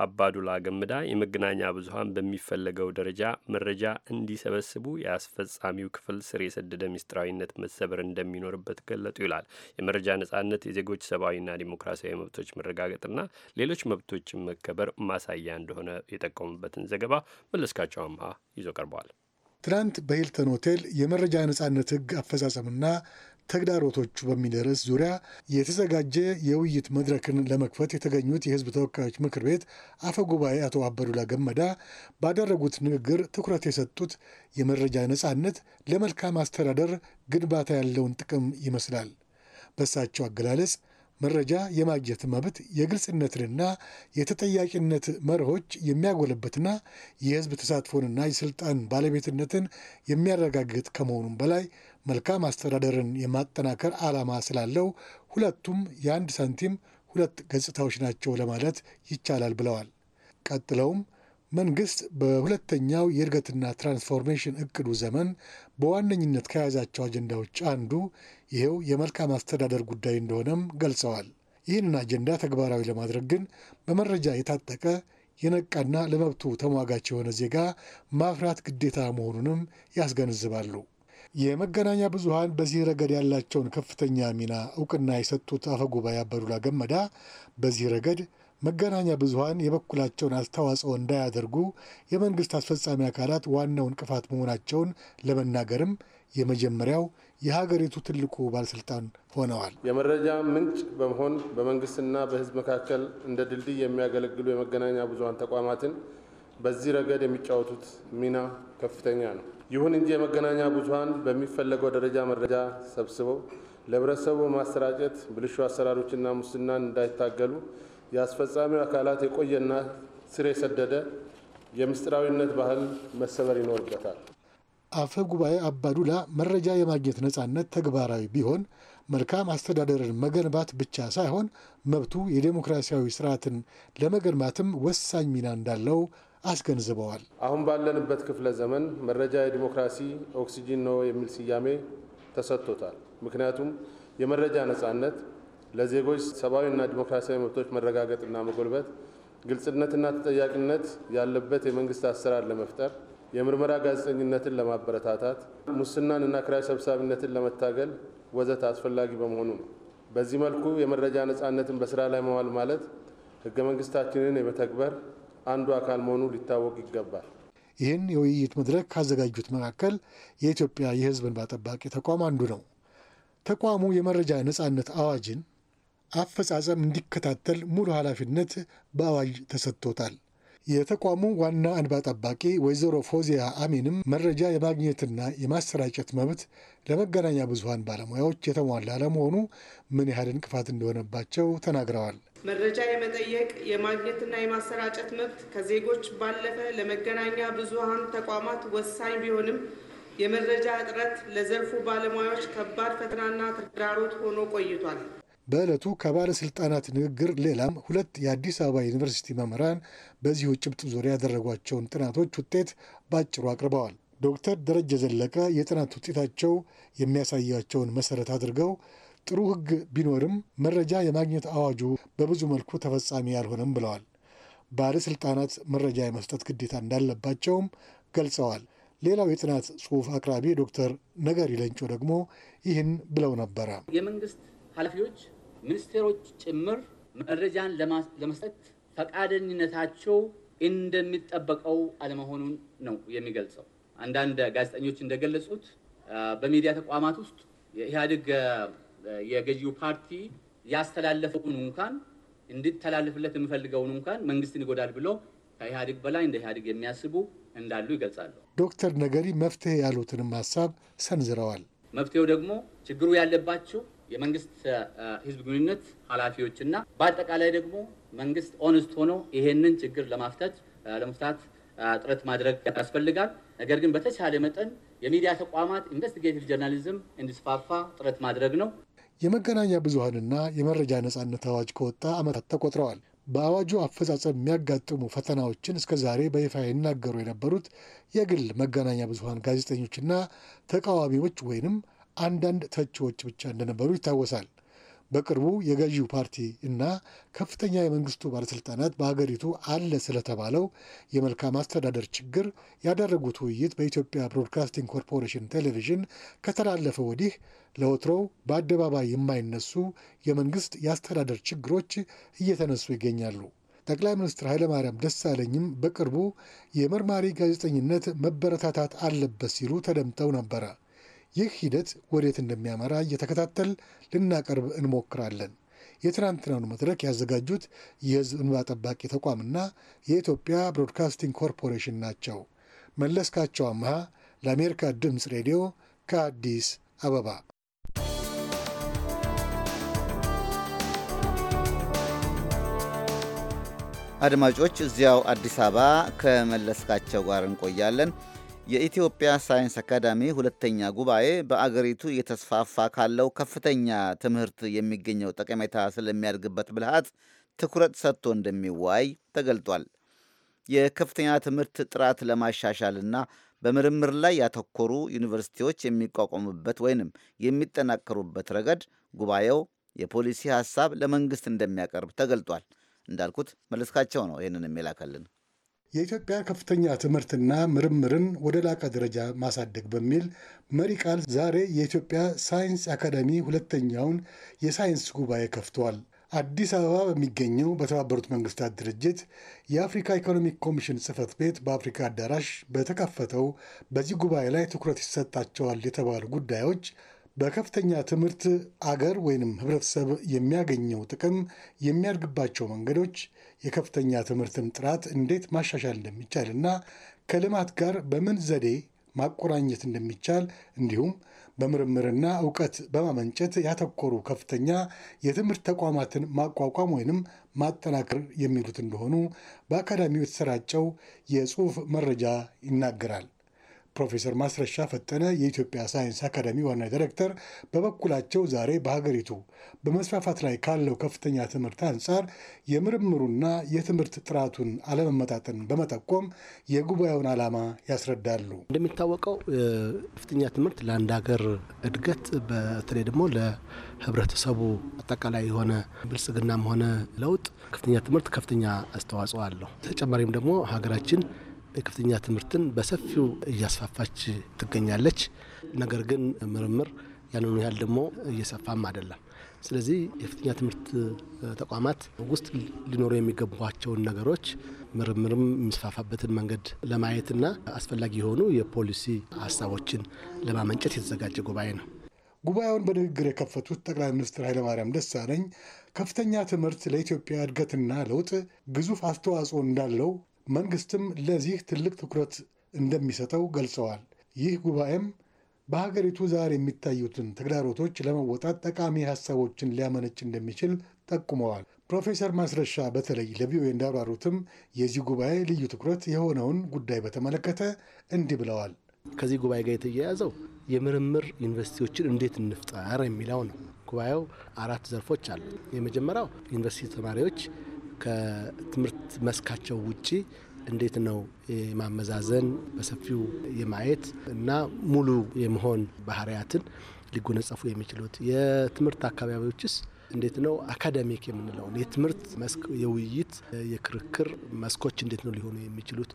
Speaker 1: አባዱላ ገመዳ የመገናኛ ብዙሀን በሚፈለገው ደረጃ መረጃ እንዲሰበስቡ የአስፈጻሚው ክፍል ስር የሰደደ ሚስጥራዊነት መሰበር እንደሚኖርበት ገለጡ ይላል። የመረጃ ነጻነት የዜጎች ሰብአዊና ዲሞክራሲያዊ መብቶች መረጋገጥና ሌሎች መብቶችን መከበር ማሳያ እንደሆነ የጠቀሙበትን ዘገባ መለስካቸው አምሃ ይዞ ቀርበዋል።
Speaker 11: ትናንት በሂልተን ሆቴል የመረጃ ነጻነት ህግ አፈጻጸምና ተግዳሮቶቹ በሚል ርዕስ ዙሪያ የተዘጋጀ የውይይት መድረክን ለመክፈት የተገኙት የህዝብ ተወካዮች ምክር ቤት አፈ ጉባኤ አቶ አበዱላ ገመዳ ባደረጉት ንግግር ትኩረት የሰጡት የመረጃ ነጻነት ለመልካም አስተዳደር ግንባታ ያለውን ጥቅም ይመስላል። በእሳቸው አገላለጽ መረጃ የማግኘት መብት የግልጽነትንና የተጠያቂነት መርሆች የሚያጎለበትና የህዝብ ተሳትፎንና የስልጣን ባለቤትነትን የሚያረጋግጥ ከመሆኑም በላይ መልካም አስተዳደርን የማጠናከር ዓላማ ስላለው ሁለቱም የአንድ ሳንቲም ሁለት ገጽታዎች ናቸው ለማለት ይቻላል ብለዋል። ቀጥለውም መንግስት በሁለተኛው የእድገትና ትራንስፎርሜሽን እቅዱ ዘመን በዋነኝነት ከያዛቸው አጀንዳዎች አንዱ ይኸው የመልካም አስተዳደር ጉዳይ እንደሆነም ገልጸዋል። ይህንን አጀንዳ ተግባራዊ ለማድረግ ግን በመረጃ የታጠቀ የነቃና ለመብቱ ተሟጋች የሆነ ዜጋ ማፍራት ግዴታ መሆኑንም ያስገነዝባሉ። የመገናኛ ብዙሃን በዚህ ረገድ ያላቸውን ከፍተኛ ሚና እውቅና የሰጡት አፈጉባኤ አበዱላ ገመዳ በዚህ ረገድ መገናኛ ብዙሀን የበኩላቸውን አስተዋጽኦ እንዳያደርጉ የመንግስት አስፈጻሚ አካላት ዋናው እንቅፋት መሆናቸውን ለመናገርም የመጀመሪያው የሀገሪቱ ትልቁ ባለስልጣን ሆነዋል።
Speaker 9: የመረጃ ምንጭ በመሆን በመንግስትና በህዝብ መካከል እንደ ድልድይ የሚያገለግሉ የመገናኛ ብዙሀን ተቋማትን በዚህ ረገድ የሚጫወቱት ሚና ከፍተኛ ነው። ይሁን እንጂ የመገናኛ ብዙሀን በሚፈለገው ደረጃ መረጃ ሰብስበው ለህብረተሰቡ ማሰራጨት ብልሹ አሰራሮችና ሙስናን እንዳይታገሉ የአስፈጻሚው አካላት የቆየና ስር የሰደደ የምስጢራዊነት ባህል መሰበር ይኖርበታል።
Speaker 11: አፈ ጉባኤ አባዱላ መረጃ የማግኘት ነጻነት ተግባራዊ ቢሆን መልካም አስተዳደርን መገንባት ብቻ ሳይሆን መብቱ የዴሞክራሲያዊ ስርዓትን ለመገንባትም ወሳኝ ሚና እንዳለው አስገንዝበዋል።
Speaker 9: አሁን ባለንበት ክፍለ ዘመን መረጃ የዲሞክራሲ ኦክሲጂን ነው የሚል ስያሜ ተሰጥቶታል። ምክንያቱም የመረጃ ነጻነት ለዜጎች ሰብአዊና ዲሞክራሲያዊ መብቶች መረጋገጥና መጎልበት፣ ግልጽነትና ተጠያቂነት ያለበት የመንግስት አሰራር ለመፍጠር፣ የምርመራ ጋዜጠኝነትን ለማበረታታት፣ ሙስናን እና ክራይ ሰብሳቢነትን ለመታገል ወዘት አስፈላጊ በመሆኑ ነው። በዚህ መልኩ የመረጃ ነጻነትን በስራ ላይ መዋል ማለት ህገ መንግስታችንን የመተግበር አንዱ አካል መሆኑ ሊታወቅ ይገባል።
Speaker 11: ይህን የውይይት መድረክ ካዘጋጁት መካከል የኢትዮጵያ የህዝብ እንባ ጠባቂ ተቋም አንዱ ነው። ተቋሙ የመረጃ ነጻነት አዋጅን አፈጻጸም እንዲከታተል ሙሉ ኃላፊነት በአዋጅ ተሰጥቶታል። የተቋሙ ዋና እንባ ጠባቂ ወይዘሮ ፎዚያ አሚንም መረጃ የማግኘትና የማሰራጨት መብት ለመገናኛ ብዙሀን ባለሙያዎች የተሟላ ለመሆኑ ምን ያህል እንቅፋት እንደሆነባቸው ተናግረዋል።
Speaker 7: መረጃ የመጠየቅ የማግኘትና የማሰራጨት መብት ከዜጎች ባለፈ ለመገናኛ ብዙሀን ተቋማት ወሳኝ ቢሆንም የመረጃ እጥረት ለዘርፉ ባለሙያዎች ከባድ ፈተናና ተግዳሮት ሆኖ ቆይቷል።
Speaker 11: በዕለቱ ከባለሥልጣናት ንግግር ሌላም ሁለት የአዲስ አበባ ዩኒቨርሲቲ መምህራን በዚሁ ጭብጥ ዙሪያ ያደረጓቸውን ጥናቶች ውጤት ባጭሩ አቅርበዋል። ዶክተር ደረጀ ዘለቀ የጥናት ውጤታቸው የሚያሳያቸውን መሠረት አድርገው ጥሩ ሕግ ቢኖርም መረጃ የማግኘት አዋጁ በብዙ መልኩ ተፈጻሚ አልሆነም ብለዋል። ባለሥልጣናት መረጃ የመስጠት ግዴታ እንዳለባቸውም ገልጸዋል። ሌላው የጥናት ጽሑፍ አቅራቢ ዶክተር ነገሪ ለንጮ ደግሞ ይህን ብለው ነበረ።
Speaker 3: የመንግስት ኃላፊዎች ሚኒስቴሮች ጭምር መረጃን ለመስጠት ፈቃደኝነታቸው እንደሚጠበቀው አለመሆኑን ነው የሚገልጸው። አንዳንድ ጋዜጠኞች እንደገለጹት በሚዲያ ተቋማት ውስጥ የኢህአዴግ የገዢው ፓርቲ ያስተላለፈውን እንኳን እንዲተላለፍለት የሚፈልገውን እንኳን መንግስትን ይጎዳል ብሎ ከኢህአዴግ በላይ እንደ ኢህአዴግ የሚያስቡ እንዳሉ ይገልጻሉ።
Speaker 11: ዶክተር ነገሪ መፍትሄ ያሉትንም ሀሳብ
Speaker 12: ሰንዝረዋል።
Speaker 3: መፍትሄው ደግሞ ችግሩ ያለባቸው የመንግስት ህዝብ ግንኙነት ኃላፊዎችና በአጠቃላይ ደግሞ መንግስት ኦንስት ሆኖ ይሄንን ችግር ለማፍታት ለመፍታት ጥረት ማድረግ ያስፈልጋል። ነገር ግን በተቻለ መጠን የሚዲያ ተቋማት ኢንቨስቲጌቲቭ ጆርናሊዝም እንዲስፋፋ ጥረት ማድረግ ነው።
Speaker 11: የመገናኛ ብዙሀንና የመረጃ ነጻነት አዋጅ ከወጣ ዓመታት ተቆጥረዋል። በአዋጁ አፈጻጸም የሚያጋጥሙ ፈተናዎችን እስከ ዛሬ በይፋ ይናገሩ የነበሩት የግል መገናኛ ብዙሀን ጋዜጠኞችና ተቃዋሚዎች ወይንም አንዳንድ ተቺዎች ብቻ እንደነበሩ ይታወሳል። በቅርቡ የገዢው ፓርቲ እና ከፍተኛ የመንግስቱ ባለስልጣናት በሀገሪቱ አለ ስለተባለው የመልካም አስተዳደር ችግር ያደረጉት ውይይት በኢትዮጵያ ብሮድካስቲንግ ኮርፖሬሽን ቴሌቪዥን ከተላለፈ ወዲህ ለወትሮው በአደባባይ የማይነሱ የመንግስት የአስተዳደር ችግሮች እየተነሱ ይገኛሉ። ጠቅላይ ሚኒስትር ኃይለማርያም ደሳለኝም በቅርቡ የመርማሪ ጋዜጠኝነት መበረታታት አለበት ሲሉ ተደምጠው ነበረ። ይህ ሂደት ወዴት እንደሚያመራ እየተከታተል ልናቀርብ እንሞክራለን። የትናንትናውን መድረክ ያዘጋጁት የሕዝብ እንባ ጠባቂ ተቋምና የኢትዮጵያ ብሮድካስቲንግ ኮርፖሬሽን ናቸው። መለስካቸው አመሃ ለአሜሪካ ድምፅ ሬዲዮ ከአዲስ አበባ።
Speaker 3: አድማጮች፣ እዚያው አዲስ አበባ ከመለስካቸው ጋር እንቆያለን። የኢትዮጵያ ሳይንስ አካዳሚ ሁለተኛ ጉባኤ በአገሪቱ እየተስፋፋ ካለው ከፍተኛ ትምህርት የሚገኘው ጠቀሜታ ስለሚያድግበት ብልሃት ትኩረት ሰጥቶ እንደሚወያይ ተገልጧል። የከፍተኛ ትምህርት ጥራት ለማሻሻልና በምርምር ላይ ያተኮሩ ዩኒቨርሲቲዎች የሚቋቋሙበት ወይንም የሚጠናከሩበት ረገድ ጉባኤው የፖሊሲ ሀሳብ ለመንግስት እንደሚያቀርብ ተገልጧል። እንዳልኩት መለስካቸው ነው ይህንን የሚላከልን። የኢትዮጵያ
Speaker 11: ከፍተኛ ትምህርትና ምርምርን ወደ ላቀ ደረጃ ማሳደግ በሚል መሪ ቃል ዛሬ የኢትዮጵያ ሳይንስ አካዳሚ ሁለተኛውን የሳይንስ ጉባኤ ከፍቷል። አዲስ አበባ በሚገኘው በተባበሩት መንግስታት ድርጅት የአፍሪካ ኢኮኖሚክ ኮሚሽን ጽህፈት ቤት በአፍሪካ አዳራሽ በተከፈተው በዚህ ጉባኤ ላይ ትኩረት ይሰጣቸዋል የተባሉ ጉዳዮች በከፍተኛ ትምህርት አገር ወይንም ህብረተሰብ የሚያገኘው ጥቅም የሚያድግባቸው መንገዶች የከፍተኛ ትምህርትን ጥራት እንዴት ማሻሻል እና ከልማት ጋር በምን ዘዴ ማቆራኘት እንደሚቻል እንዲሁም በምርምርና እውቀት በማመንጨት ያተኮሩ ከፍተኛ የትምህርት ተቋማትን ማቋቋም ወይንም ማጠናከር የሚሉት እንደሆኑ በአካዳሚው የተሰራጨው የጽሑፍ መረጃ ይናገራል። ፕሮፌሰር ማስረሻ ፈጠነ የኢትዮጵያ ሳይንስ አካዳሚ ዋና ዳይሬክተር በበኩላቸው ዛሬ በሀገሪቱ በመስፋፋት ላይ ካለው ከፍተኛ ትምህርት አንጻር የምርምሩና የትምህርት ጥራቱን አለመመጣጠን በመጠቆም የጉባኤውን ዓላማ ያስረዳሉ።
Speaker 12: እንደሚታወቀው ከፍተኛ ትምህርት ለአንድ ሀገር እድገት በተለይ ደግሞ ለህብረተሰቡ አጠቃላይ የሆነ ብልጽግናም ሆነ ለውጥ ከፍተኛ ትምህርት ከፍተኛ አስተዋጽኦ አለው። ተጨማሪም ደግሞ ሀገራችን የከፍተኛ ትምህርትን በሰፊው እያስፋፋች ትገኛለች። ነገር ግን ምርምር ያንኑ ያህል ደግሞ እየሰፋም አይደለም። ስለዚህ የከፍተኛ ትምህርት ተቋማት ውስጥ ሊኖሩ የሚገቧቸውን ነገሮች ምርምርም የሚስፋፋበትን መንገድ ለማየትና አስፈላጊ የሆኑ የፖሊሲ ሀሳቦችን ለማመንጨት የተዘጋጀ ጉባኤ ነው። ጉባኤውን በንግግር የከፈቱት ጠቅላይ ሚኒስትር ኃይለማርያም ደሳለኝ ከፍተኛ
Speaker 11: ትምህርት ለኢትዮጵያ እድገትና ለውጥ ግዙፍ አስተዋጽኦ እንዳለው መንግስትም ለዚህ ትልቅ ትኩረት እንደሚሰጠው ገልጸዋል። ይህ ጉባኤም በሀገሪቱ ዛሬ የሚታዩትን ተግዳሮቶች ለመወጣት ጠቃሚ ሀሳቦችን ሊያመነጭ እንደሚችል ጠቁመዋል። ፕሮፌሰር ማስረሻ በተለይ ለቪኦኤ እንዳብራሩትም የዚህ ጉባኤ ልዩ ትኩረት
Speaker 12: የሆነውን ጉዳይ በተመለከተ እንዲህ ብለዋል። ከዚህ ጉባኤ ጋር የተያያዘው የምርምር ዩኒቨርሲቲዎችን እንዴት እንፍጠር የሚለው ነው። ጉባኤው አራት ዘርፎች አሉ። የመጀመሪያው ዩኒቨርሲቲ ተማሪዎች ከትምህርት መስካቸው ውጪ እንዴት ነው የማመዛዘን በሰፊው የማየት እና ሙሉ የመሆን ባህሪያትን ሊጎነጸፉ የሚችሉት የትምህርት አካባቢዎችስ እንዴት ነው አካዳሚክ የምንለውን የትምህርት መስክ የውይይት የክርክር መስኮች እንዴት ነው ሊሆኑ የሚችሉት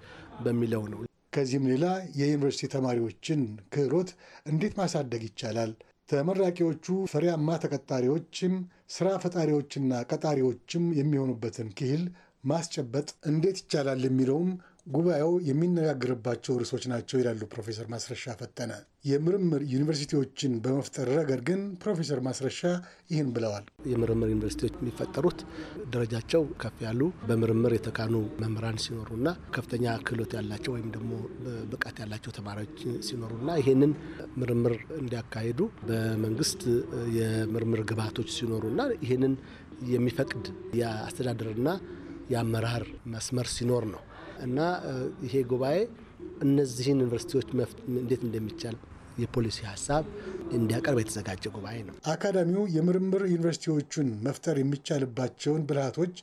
Speaker 12: በሚለው ነው። ከዚህም ሌላ የዩኒቨርሲቲ ተማሪዎችን ክህሎት እንዴት ማሳደግ
Speaker 11: ይቻላል፣ ተመራቂዎቹ ፍሬያማ ተቀጣሪዎችም ስራ ፈጣሪዎችና ቀጣሪዎችም የሚሆኑበትን ክሂል ማስጨበጥ እንዴት ይቻላል የሚለውም ጉባኤው የሚነጋገርባቸው ርዕሶች ናቸው ይላሉ ፕሮፌሰር ማስረሻ ፈጠነ። የምርምር ዩኒቨርሲቲዎችን
Speaker 12: በመፍጠር ረገድ ግን ፕሮፌሰር ማስረሻ ይህን ብለዋል። የምርምር ዩኒቨርሲቲዎች የሚፈጠሩት ደረጃቸው ከፍ ያሉ በምርምር የተካኑ መምህራን ሲኖሩና ከፍተኛ ክህሎት ያላቸው ወይም ደግሞ ብቃት ያላቸው ተማሪዎች ሲኖሩና ይህንን ምርምር እንዲያካሄዱ በመንግስት የምርምር ግብዓቶች ሲኖሩና ይህንን የሚፈቅድ የአስተዳደርና የአመራር መስመር ሲኖር ነው እና ይሄ ጉባኤ እነዚህን ዩኒቨርሲቲዎች እንዴት እንደሚቻል የፖሊሲ ሀሳብ እንዲያቀርብ የተዘጋጀ ጉባኤ ነው። አካዳሚው የምርምር ዩኒቨርሲቲዎቹን መፍጠር የሚቻልባቸውን
Speaker 11: ብልሃቶች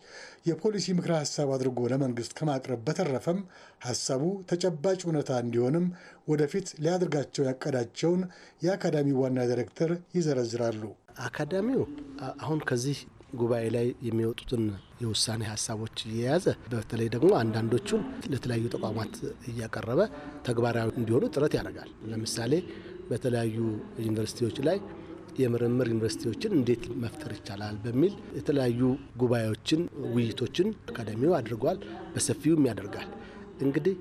Speaker 11: የፖሊሲ ምክረ ሀሳብ አድርጎ ለመንግስት ከማቅረብ በተረፈም ሀሳቡ ተጨባጭ እውነታ እንዲሆንም ወደፊት ሊያደርጋቸው ያቀዳቸውን የአካዳሚው
Speaker 12: ዋና ዳይሬክተር ይዘረዝራሉ። አካዳሚው አሁን ከዚህ ጉባኤ ላይ የሚወጡትን የውሳኔ ሀሳቦች እየያዘ በተለይ ደግሞ አንዳንዶቹን ለተለያዩ ተቋማት እያቀረበ ተግባራዊ እንዲሆኑ ጥረት ያደርጋል። ለምሳሌ በተለያዩ ዩኒቨርሲቲዎች ላይ የምርምር ዩኒቨርሲቲዎችን እንዴት መፍጠር ይቻላል በሚል የተለያዩ ጉባኤዎችን፣ ውይይቶችን አካዳሚው አድርጓል፣ በሰፊውም ያደርጋል። እንግዲህ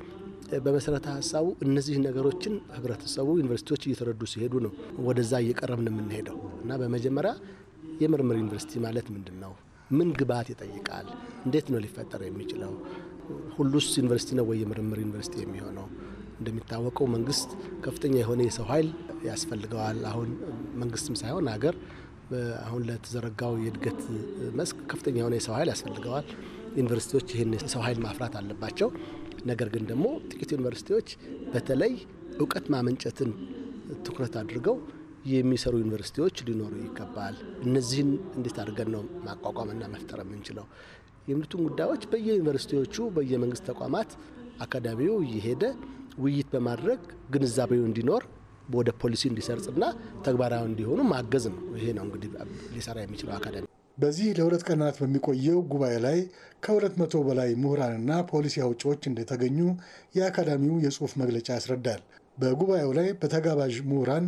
Speaker 12: በመሰረተ ሀሳቡ እነዚህ ነገሮችን ህብረተሰቡ ዩኒቨርሲቲዎች እየተረዱ ሲሄዱ ነው ወደዛ እየቀረብን የምንሄደው እና በመጀመሪያ የምርምር ዩኒቨርሲቲ ማለት ምንድን ነው? ምን ግብዓት ይጠይቃል? እንዴት ነው ሊፈጠር የሚችለው? ሁሉስ ዩኒቨርሲቲ ነው ወይ የምርምር ዩኒቨርሲቲ የሚሆነው? እንደሚታወቀው መንግስት ከፍተኛ የሆነ የሰው ኃይል ያስፈልገዋል። አሁን መንግስትም ሳይሆን ሀገር አሁን ለተዘረጋው የእድገት መስክ ከፍተኛ የሆነ የሰው ኃይል ያስፈልገዋል። ዩኒቨርሲቲዎች ይህን የሰው ኃይል ማፍራት አለባቸው። ነገር ግን ደግሞ ጥቂት ዩኒቨርሲቲዎች በተለይ እውቀት ማመንጨትን ትኩረት አድርገው የሚሰሩ ዩኒቨርሲቲዎች ሊኖሩ ይገባል። እነዚህን እንዴት አድርገን ነው ማቋቋምና መፍጠር የምንችለው የሚሉትን ጉዳዮች በየዩኒቨርሲቲዎቹ በየመንግስት ተቋማት አካዳሚው እየሄደ ውይይት በማድረግ ግንዛቤው እንዲኖር ወደ ፖሊሲ እንዲሰርጽና ተግባራዊ እንዲሆኑ ማገዝ ነው። ይሄ ነው እንግዲህ ሊሰራ የሚችለው አካዳሚ። በዚህ ለሁለት ቀናት
Speaker 11: በሚቆየው ጉባኤ ላይ ከሁለት መቶ በላይ ምሁራንና ፖሊሲ አውጪዎች እንደተገኙ የአካዳሚው የጽሁፍ መግለጫ ያስረዳል። በጉባኤው ላይ በተጋባዥ ምሁራን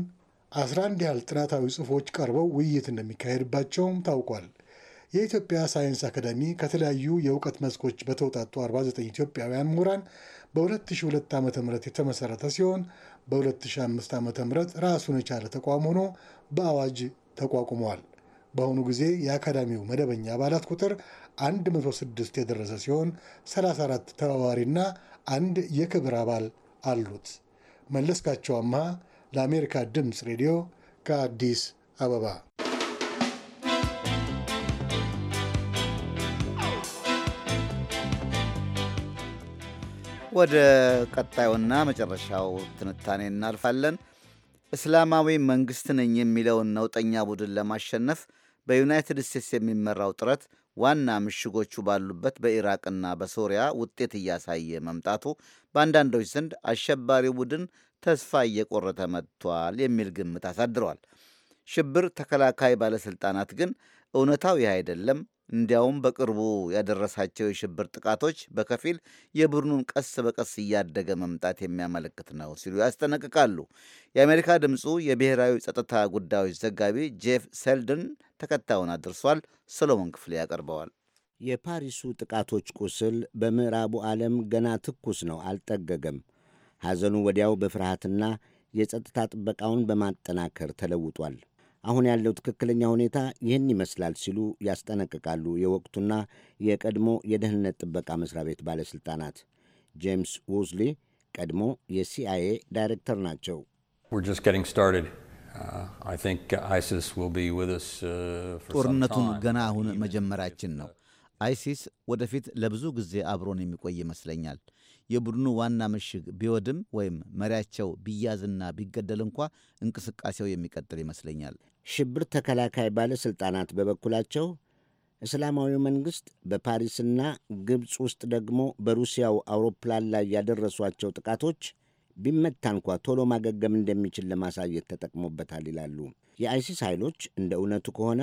Speaker 11: 11 ያህል ጥናታዊ ጽሑፎች ቀርበው ውይይት እንደሚካሄድባቸውም ታውቋል። የኢትዮጵያ ሳይንስ አካዳሚ ከተለያዩ የእውቀት መስኮች በተውጣጡ 49 ኢትዮጵያውያን ምሁራን በ2002 ዓ ም የተመሠረተ ሲሆን በ2005 ዓ ም ራሱን የቻለ ተቋም ሆኖ በአዋጅ ተቋቁመዋል። በአሁኑ ጊዜ የአካዳሚው መደበኛ አባላት ቁጥር 106 የደረሰ ሲሆን 34 ተባባሪና አንድ የክብር አባል አሉት። መለስካቸው አምሃ ለአሜሪካ ድምፅ ሬዲዮ ከአዲስ አበባ
Speaker 3: ወደ ቀጣዩና መጨረሻው ትንታኔ እናልፋለን። እስላማዊ መንግስት ነኝ የሚለውን ነውጠኛ ቡድን ለማሸነፍ በዩናይትድ ስቴትስ የሚመራው ጥረት ዋና ምሽጎቹ ባሉበት በኢራቅና በሶሪያ ውጤት እያሳየ መምጣቱ በአንዳንዶች ዘንድ አሸባሪው ቡድን ተስፋ እየቆረጠ መጥቷል የሚል ግምት አሳድረዋል። ሽብር ተከላካይ ባለሥልጣናት ግን እውነታው ይህ አይደለም፣ እንዲያውም በቅርቡ ያደረሳቸው የሽብር ጥቃቶች በከፊል የቡድኑን ቀስ በቀስ እያደገ መምጣት የሚያመለክት ነው ሲሉ ያስጠነቅቃሉ። የአሜሪካ ድምፁ የብሔራዊ ጸጥታ ጉዳዮች ዘጋቢ ጄፍ ሰልድን ተከታዩን አድርሷል። ሰሎሞን ክፍሌ
Speaker 7: ያቀርበዋል። የፓሪሱ ጥቃቶች ቁስል በምዕራቡ ዓለም ገና ትኩስ ነው፣ አልጠገገም። ሐዘኑ ወዲያው በፍርሃትና የጸጥታ ጥበቃውን በማጠናከር ተለውጧል። አሁን ያለው ትክክለኛ ሁኔታ ይህን ይመስላል ሲሉ ያስጠነቅቃሉ የወቅቱና የቀድሞ የደህንነት ጥበቃ መስሪያ ቤት ባለሥልጣናት። ጄምስ ዎዝሊ ቀድሞ የሲአይኤ ዳይሬክተር ናቸው።
Speaker 10: uh, uh, ጦርነቱን
Speaker 7: ገና አሁን መጀመራችን
Speaker 3: ነው። አይሲስ ወደፊት ለብዙ ጊዜ አብሮን የሚቆይ ይመስለኛል። የቡድኑ ዋና ምሽግ ቢወድም ወይም መሪያቸው ቢያዝና ቢገደል እንኳ እንቅስቃሴው
Speaker 7: የሚቀጥል ይመስለኛል። ሽብር ተከላካይ ባለሥልጣናት በበኩላቸው እስላማዊ መንግሥት በፓሪስና ግብፅ ውስጥ ደግሞ በሩሲያው አውሮፕላን ላይ ያደረሷቸው ጥቃቶች ቢመታ እንኳ ቶሎ ማገገም እንደሚችል ለማሳየት ተጠቅሞበታል ይላሉ። የአይሲስ ኃይሎች እንደ እውነቱ ከሆነ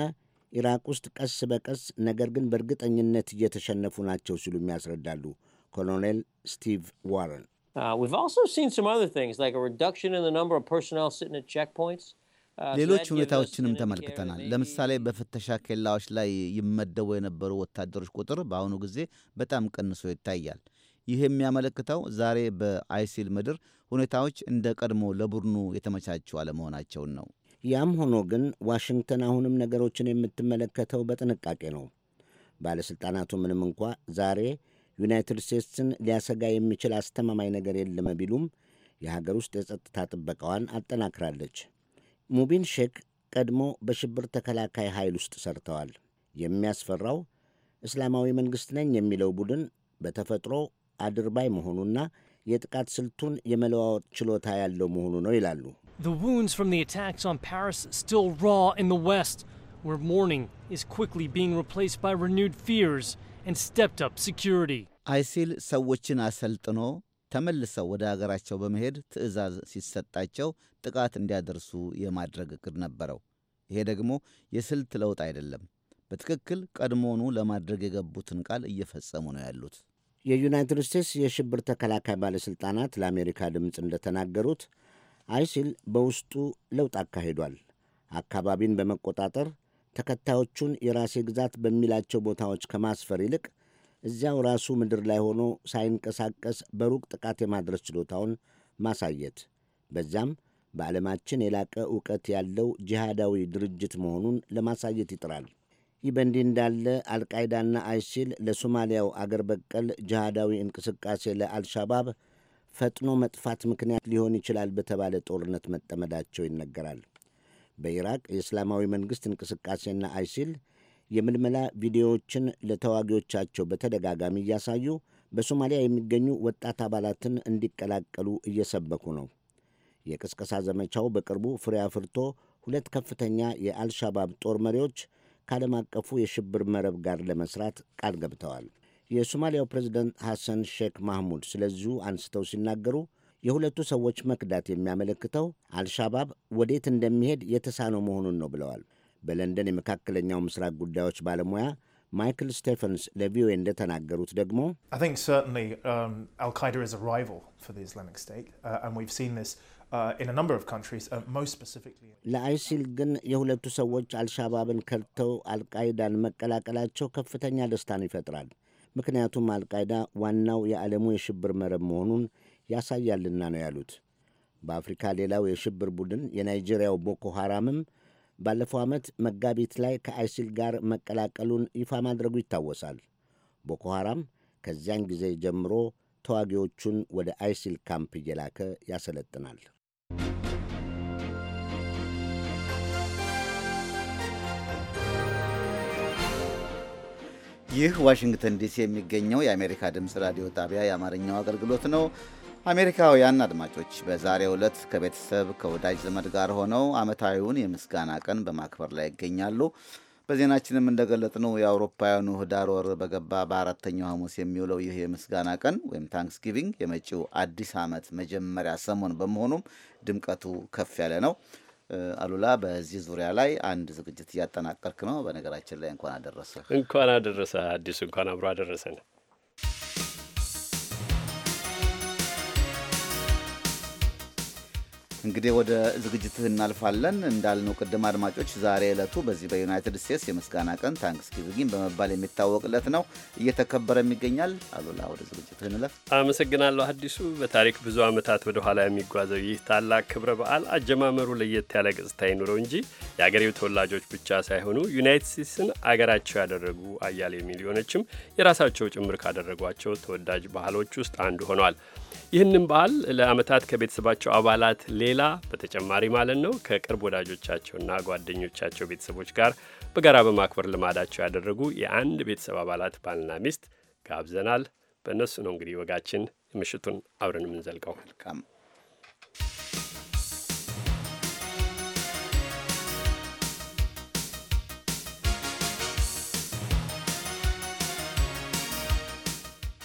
Speaker 7: ኢራቅ ውስጥ ቀስ በቀስ ነገር ግን በእርግጠኝነት እየተሸነፉ ናቸው ሲሉም ያስረዳሉ። ኮሎኔል ስቲቭ Warren.
Speaker 1: Uh,
Speaker 3: uh, ሌሎች ሁኔታዎችንም ተመልክተናል። ለምሳሌ በፍተሻ ኬላዎች ላይ ይመደቡ የነበሩ ወታደሮች ቁጥር በአሁኑ ጊዜ በጣም ቀንሶ ይታያል። ይህ የሚያመለክተው ዛሬ በአይሲል ምድር ሁኔታዎች እንደ ቀድሞ ለቡድኑ የተመቻቸው አለመሆናቸውን ነው።
Speaker 7: ያም ሆኖ ግን ዋሽንግተን አሁንም ነገሮችን የምትመለከተው በጥንቃቄ ነው። ባለሥልጣናቱ ምንም እንኳ ዛሬ ዩናይትድ ስቴትስን ሊያሰጋ የሚችል አስተማማኝ ነገር የለም ቢሉም የሀገር ውስጥ የጸጥታ ጥበቃዋን አጠናክራለች። ሙቢን ሼክ ቀድሞ በሽብር ተከላካይ ኃይል ውስጥ ሰርተዋል። የሚያስፈራው እስላማዊ መንግሥት ነኝ የሚለው ቡድን በተፈጥሮ አድርባይ መሆኑና የጥቃት ስልቱን የመለዋወጥ ችሎታ ያለው መሆኑ ነው ይላሉ።
Speaker 1: ፓሪስ and stepped up security.
Speaker 3: አይሲል ሰዎችን አሰልጥኖ ተመልሰው ወደ አገራቸው በመሄድ ትዕዛዝ ሲሰጣቸው ጥቃት እንዲያደርሱ የማድረግ እቅድ ነበረው። ይሄ ደግሞ የስልት ለውጥ አይደለም። በትክክል ቀድሞውኑ
Speaker 7: ለማድረግ የገቡትን ቃል እየፈጸሙ ነው ያሉት። የዩናይትድ ስቴትስ የሽብር ተከላካይ ባለሥልጣናት ለአሜሪካ ድምፅ እንደተናገሩት አይሲል በውስጡ ለውጥ አካሂዷል። አካባቢን በመቆጣጠር ተከታዮቹን የራሴ ግዛት በሚላቸው ቦታዎች ከማስፈር ይልቅ እዚያው ራሱ ምድር ላይ ሆኖ ሳይንቀሳቀስ በሩቅ ጥቃት የማድረስ ችሎታውን ማሳየት በዚያም በዓለማችን የላቀ ዕውቀት ያለው ጂሃዳዊ ድርጅት መሆኑን ለማሳየት ይጥራል። ይህ በእንዲህ እንዳለ አልቃይዳና አይሲል ለሶማሊያው አገር በቀል ጂሃዳዊ እንቅስቃሴ ለአልሻባብ ፈጥኖ መጥፋት ምክንያት ሊሆን ይችላል በተባለ ጦርነት መጠመዳቸው ይነገራል። በኢራቅ የእስላማዊ መንግሥት እንቅስቃሴና አይሲል የምልመላ ቪዲዮዎችን ለተዋጊዎቻቸው በተደጋጋሚ እያሳዩ በሶማሊያ የሚገኙ ወጣት አባላትን እንዲቀላቀሉ እየሰበኩ ነው። የቅስቀሳ ዘመቻው በቅርቡ ፍሬ አፍርቶ ሁለት ከፍተኛ የአልሻባብ ጦር መሪዎች ከዓለም አቀፉ የሽብር መረብ ጋር ለመስራት ቃል ገብተዋል። የሶማሊያው ፕሬዚደንት ሐሰን ሼክ ማህሙድ ስለዚሁ አንስተው ሲናገሩ የሁለቱ ሰዎች መክዳት የሚያመለክተው አልሻባብ ወዴት እንደሚሄድ የተሳነው መሆኑን ነው ብለዋል። በለንደን የመካከለኛው ምስራቅ ጉዳዮች ባለሙያ ማይክል ስቴፈንስ ለቪኦኤ እንደተናገሩት ደግሞ
Speaker 12: um, uh, uh, uh,
Speaker 7: ለአይሲል ግን የሁለቱ ሰዎች አልሻባብን ከድተው አልቃይዳን መቀላቀላቸው ከፍተኛ ደስታን ይፈጥራል። ምክንያቱም አልቃይዳ ዋናው የዓለሙ የሽብር መረብ መሆኑን ያሳያልና ነው ያሉት። በአፍሪካ ሌላው የሽብር ቡድን የናይጄሪያው ቦኮ ሐራምም ባለፈው ዓመት መጋቢት ላይ ከአይሲል ጋር መቀላቀሉን ይፋ ማድረጉ ይታወሳል። ቦኮ ሐራም ከዚያን ጊዜ ጀምሮ ተዋጊዎቹን ወደ አይሲል ካምፕ እየላከ ያሰለጥናል።
Speaker 3: ይህ ዋሽንግተን ዲሲ የሚገኘው የአሜሪካ ድምፅ ራዲዮ ጣቢያ የአማርኛው አገልግሎት ነው። አሜሪካውያን አድማጮች በዛሬው ዕለት ከቤተሰብ ከወዳጅ ዘመድ ጋር ሆነው ዓመታዊውን የምስጋና ቀን በማክበር ላይ ይገኛሉ። በዜናችንም እንደገለጥነው የአውሮፓውያኑ ህዳር ወር በገባ በአራተኛው ሐሙስ የሚውለው ይህ የምስጋና ቀን ወይም ታንክስጊቪንግ የመጪው አዲስ ዓመት መጀመሪያ ሰሞን በመሆኑም ድምቀቱ ከፍ ያለ ነው። አሉላ በዚህ ዙሪያ ላይ አንድ ዝግጅት እያጠናቀርክ ነው። በነገራችን ላይ እንኳን አደረሰ
Speaker 1: እንኳን አደረሰ
Speaker 3: አዲሱ እንኳን አብሮ አደረሰን። እንግዲህ ወደ ዝግጅት እናልፋለን። እንዳልነው ቅድም አድማጮች፣ ዛሬ ዕለቱ በዚህ በዩናይትድ ስቴትስ የምስጋና ቀን ታንክስ ጊቪንግ በመባል የሚታወቅለት ነው፣ እየተከበረም ይገኛል። አሉላ ወደ ዝግጅት እንለፍ።
Speaker 1: አመሰግናለሁ አዲሱ። በታሪክ ብዙ ዓመታት ወደ ኋላ የሚጓዘው ይህ ታላቅ ክብረ በዓል አጀማመሩ ለየት ያለ ገጽታ ይኑረው እንጂ የአገሬው ተወላጆች ብቻ ሳይሆኑ ዩናይትድ ስቴትስን አገራቸው ያደረጉ አያሌ ሚሊዮኖችም የራሳቸው ጭምር ካደረጓቸው ተወዳጅ ባህሎች ውስጥ አንዱ ሆኗል። ይህንም በዓል ለዓመታት ከቤተሰባቸው አባላት ሌ ሌላ በተጨማሪ ማለት ነው ከቅርብ ወዳጆቻቸውና ጓደኞቻቸው ቤተሰቦች ጋር በጋራ በማክበር ልማዳቸው ያደረጉ የአንድ ቤተሰብ አባላት ባልና ሚስት ጋብዘናል። በእነሱ ነው እንግዲህ ወጋችን ምሽቱን አብረን የምንዘልቀው። መልካም